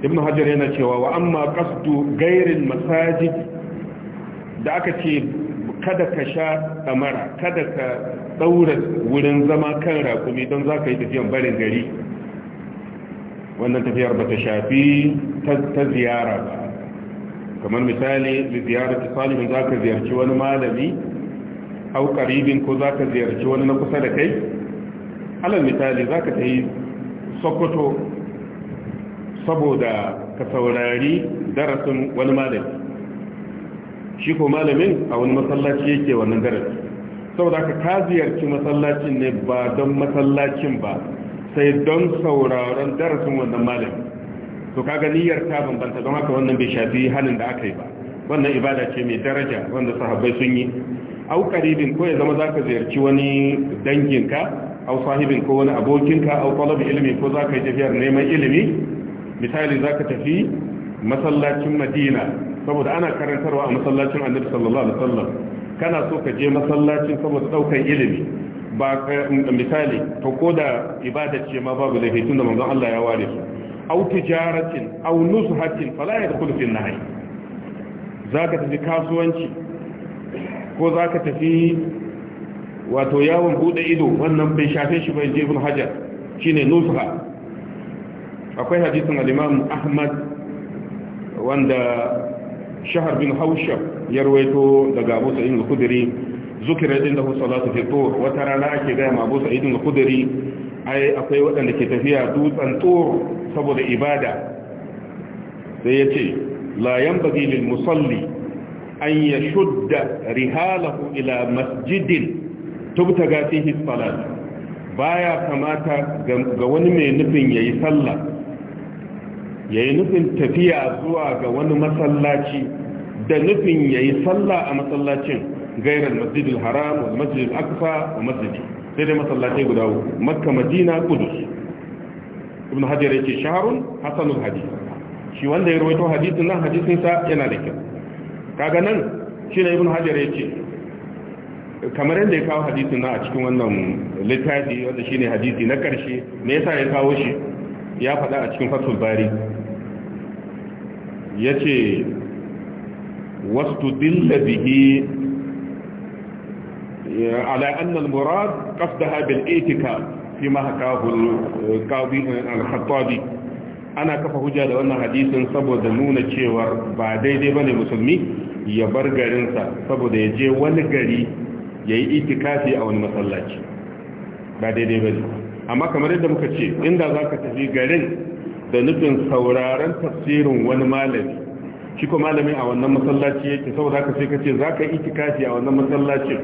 ibn hajar yana cewa wa amma qasdu gairin masajid da aka ce kada ka sha damara kada ka daura wurin zama kan rakumi don za ka yi tafiyan barin gari wannan tafiyar ba ta shafi ta ziyara ba kamar misali da ta salihin za ka ziyarci wani malami au karibin ko za ka ziyarci wani na kusa da kai alal misali za ka ta yi sokoto saboda ka saurari darasin wani malami shi ko malamin a wani masallaci yake wannan darasi saboda ka ka ziyarci masallacin ne ba don masallacin ba sai don sauraron darasin wannan malami to kaga niyyar ta bambanta don haka wannan bai shafi halin da aka yi ba wannan ibada ce mai daraja wanda sahabbai sun yi au karibin ko ya zama zaka ziyarci wani danginka au sahibin ko wani abokinka au talabi ilimi ko zaka yi tafiyar neman ilimi misali zaka tafi masallacin Madina saboda ana karantarwa a masallacin Annabi sallallahu alaihi wasallam kana so ka je masallacin saboda daukan ilimi ba misali to ko da ibada ce ma babu laifi tunda manzon Allah ya ware su au tijaratin au nuzhatin fala yadkhulu fi an-nahy zaka tafi kasuwanci ko zaka tafi wato yawon bude ido wannan bai shafe shi bai je hajar shine nuzha akwai hadisin al-imam ahmad wanda shahar bin haushab ya rawaito daga abu sa'in al-khudri zukira din da salatu fi tur wata rana ake ga ma Abu Sa'id al ai akwai waɗanda ke tafiya dutsen tur saboda ibada sai yace la yanbaghi lil musalli an yashudda rihalahu ila masjidin tubtaga fihi salat baya kamata ga wani mai nufin yayi sallah yayi nufin tafiya zuwa ga wani masallaci da nufin yayi sallah a masallacin gairar masjidil haram wal masjidil aqsa wa masjidi sai dai masallatai guda uku makka madina kudus ibn hajar yake shaharun hasanul hadith shi wanda ya rawaito hadisin nan hadisin sa yana da kyau kaga nan shi ne ibn hajar yake kamar yadda ya kawo hadisin nan a cikin wannan littafi wanda shi ne hadisi na karshe me yasa ya kawo shi ya faɗa a cikin fatul bari yace wastudilla bihi على أن المراد قصدها بالاعتكاف فيما حكاه القاضي الخطابي ana kafa hujja da wannan hadisin saboda nuna cewar ba daidai bane musulmi ya bar garinsa saboda ya je wani gari ya yi itikafi a wani masallaci ba daidai amma kamar yadda muka ce inda za ka tafi garin da nufin sauraron tafsirin wani malami shi ko malami a wannan masallaci yake saboda haka sai ka ce za ka yi itikafi a wannan masallacin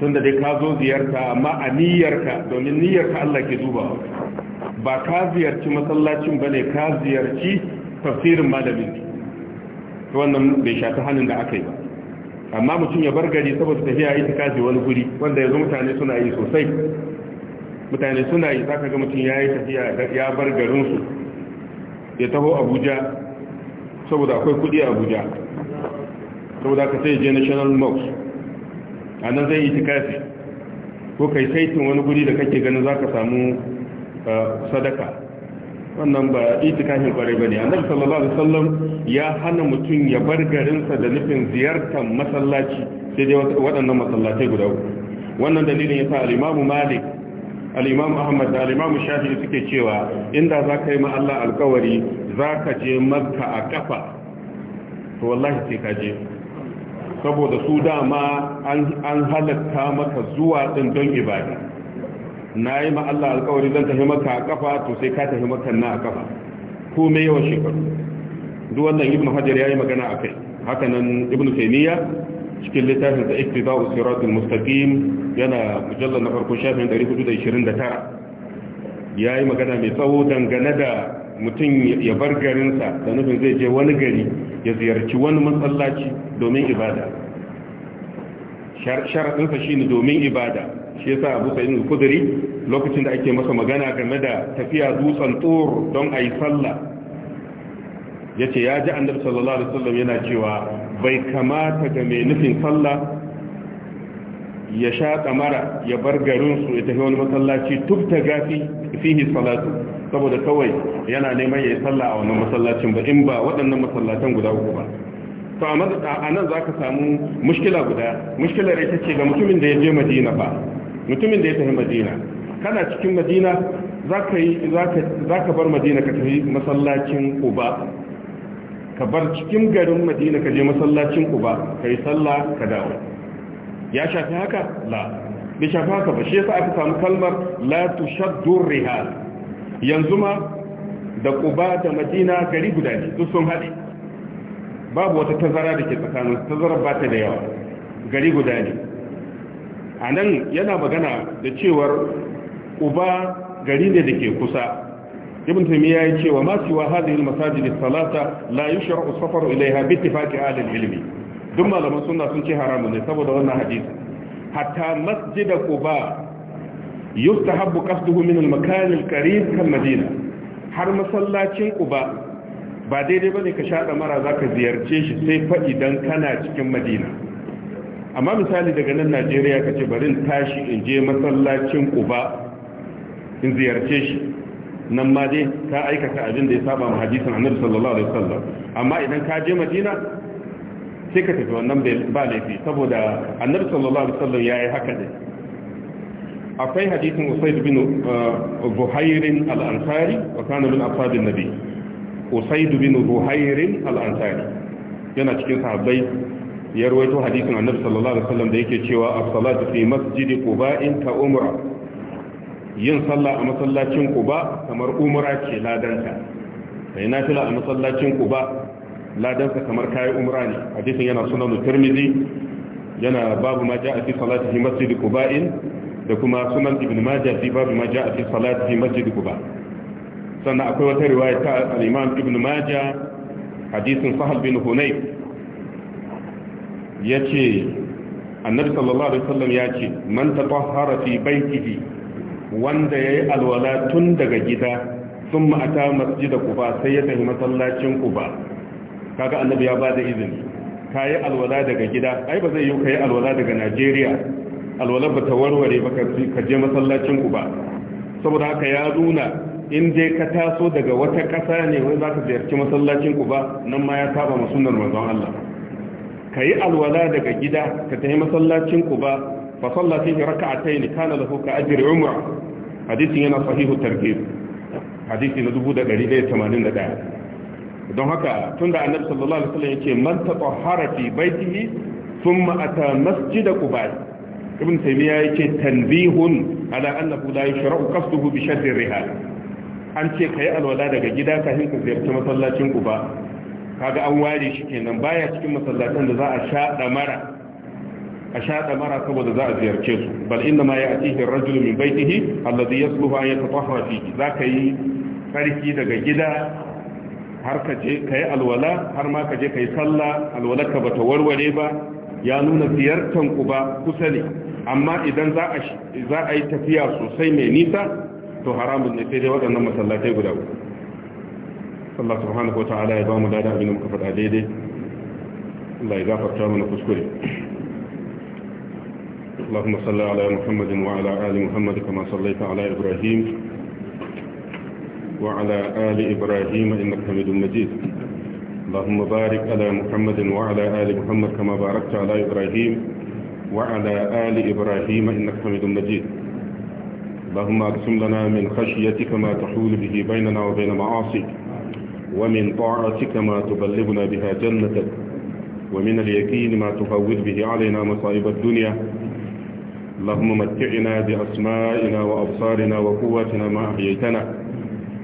tunda dai ka zo ziyarta amma a niyyarka domin niyyarka Allah ke dubawa ba ka ziyarci masallacin bane ka ziyarci tafsirin malamin to wannan bai shafi hannun da aka yi ba amma mutum ya bar gari saboda tafiya ita kaje wani guri wanda yanzu mutane suna yi sosai mutane suna yi zaka ga mutum ya yi tafiya ya bar garinsu ya taho abuja saboda akwai kudi a abuja saboda ka sai je national mosque a nan zai yi tikafi ko kai saitin wani guri da kake ganin za ka samu eh, sadaka wannan ba itikafin kwarai ba ne a nan sallallahu alaihi wasallam ya hana mutum ya bar garinsa da nufin ziyartar masallaci sai dai waɗannan masallatai guda uku wannan dalilin yasa al-imamu malik al ahmad da al shafi shafi'i suke cewa inda za ka yi ma Allah alkawari za ka je makka a kafa to wallahi sai ka je saboda su dama an halatta maka zuwa ɗin don ibada na yi Allah alkawari zan tafi maka a kafa to sai ka tafi maka na a kafa ko mai yawan shekaru duk wannan ibn hajar ya yi magana a kai haka nan ibn taimiyya cikin littafin da ikti za'u siratun mustaqim yana mujallar na farko shafin 429 ya yi magana mai tsawo dangane da mutum ya bar garinsa da nufin zai je wani gari ya ziyarci wani masallaci domin ibada sharaɗinsa shi ne domin ibada shi yasa abu sa'in kudiri lokacin da ake masa magana game da tafiya dutsen tsoro don a yi sallah ya ce ya ji annabi sallallahu alaihi wasallam yana cewa bai kamata ga mai nufin sallah ya sha kamara ya bar garin su ya tafi wani masallaci duk ta gafi fihi salatu saboda kawai yana neman ya yi sallah a wannan masallacin ba in ba waɗannan masallatan guda uku ba to a nan za ka samu mushkila guda mushkilar ita ce ga mutumin da ya je madina ba mutumin da ya tafi madina kana cikin madina za ka bar madina ka tafi masallacin uba ka bar cikin garin madina ka je masallacin uba ka yi sallah ka dawo ya shafi haka la bai shafi haka ba shi yasa aka samu kalmar la tushaddu rihal yanzu ma da Quba da Madina gari guda ne duk sun haɗe babu wata tazara da ke tsakanin tazara ba ta da yawa gari guda ne a nan yana magana da cewar Quba gari ne da ke kusa ibn tumi ya ce wa ma yi hadhihi al-masajid as-salata la yushra'u safaru ilaiha bi ittifaqi ahli al-ilmi duk malaman suna sun ce haramun ne saboda wannan hadisi hatta Masjida quba yustahabbu qasduhu min al kan madina har masallacin quba ba daidai ba ne ka shaɗa mara zaka ziyarce shi sai faɗi don kana cikin madina amma misali daga nan Najeriya kace bari tashi in je masallacin quba in ziyarce shi nan ma dai aikata abin da ya saba mu hadisin Annabi sallallahu alaihi wasallam amma idan ka je Madina sai ka tafi wannan ba laifi saboda annabi sallallahu alaihi wasallam yayi haka ne akwai hadisin usayd bin buhairin uh, al-ansari wa kana min ashabin nabi usayd bin buhairin al-ansari yana cikin sahabbai ya rawaito hadisin annabi sallallahu alaihi wasallam da yake cewa as-salatu fi masjidi in ka umra yin sallah a masallacin quba kamar umra ce ladanta kai na fila a masallacin quba ladansa kamar kayi umra ne hadisin yana sunan tirmidhi yana babu ma ja'a fi salatihi masjid quba'in da kuma sunan ibn majah fi babu ma ja'a fi salatihi masjid quba sannan akwai wata riwaya ta al-imam ibn majah hadisin sahal bin hunayf yace annabi sallallahu alaihi wasallam yace man tatahhara fi baytihi wanda yayi alwala tun daga gida thumma ata masjid quba sai ya tafi masallacin quba kaga annabi ya ba da izini kayi alwala daga gida ai ba zai yi kayi alwala daga Najeriya alwala ba ta warware ba ka je masallacin ku ba saboda haka ya nuna in dai ka taso daga wata ƙasa ne wai ka ziyarci masallacin ku ba nan ma ya saba ma sunnar manzon Allah kayi alwala daga gida ka tafi masallacin ku ba fa sallati raka'atayn kana lahu ka ajri umra hadisi yana sahihu targhib hadisi na 1181 don haka tunda annabi sallallahu alaihi wasallam yake man tatahhara fi baitihi thumma ata masjid quba ibn taymiya yake tanbihun ala annahu la yushra'u qasduhu bi shadd rihal an ce kai alwala daga gida ka ka ziyarci masallacin quba kaga an ware shi kenan baya cikin masallatan da za a sha mara a shaɗa mara saboda za a ziyarce su bal inna ma ya a cikin rajulu min baitihi alladhi yasluhu an yatatahhara fihi zaka yi sarki daga gida har ka je ka yi alwala har ma ka je ka yi sallah alwala ka bata warware ba ya nuna ziyartan ku ba kusa ne amma idan za a yi tafiya sosai mai nisa to haramun ne sai dai waɗannan masallatai guda uku Allah subhanahu wa ta'ala ya ba mu dada abin da muka faɗa daidai Allah ya gafarta mana kuskure اللهم صل على محمد وعلى آل محمد كما صليت على إبراهيم وعلى آل إبراهيم إنك حميد مجيد اللهم بارك على محمد وعلى آل محمد كما باركت على إبراهيم وعلى آل إبراهيم إنك حميد مجيد اللهم اقسم لنا من خشيتك ما تحول به بيننا وبين معاصيك ومن طاعتك ما تبلغنا بها جنتك ومن اليقين ما تفوض به علينا مصائب الدنيا اللهم متعنا بأسمائنا وأبصارنا وقوتنا ما أحييتنا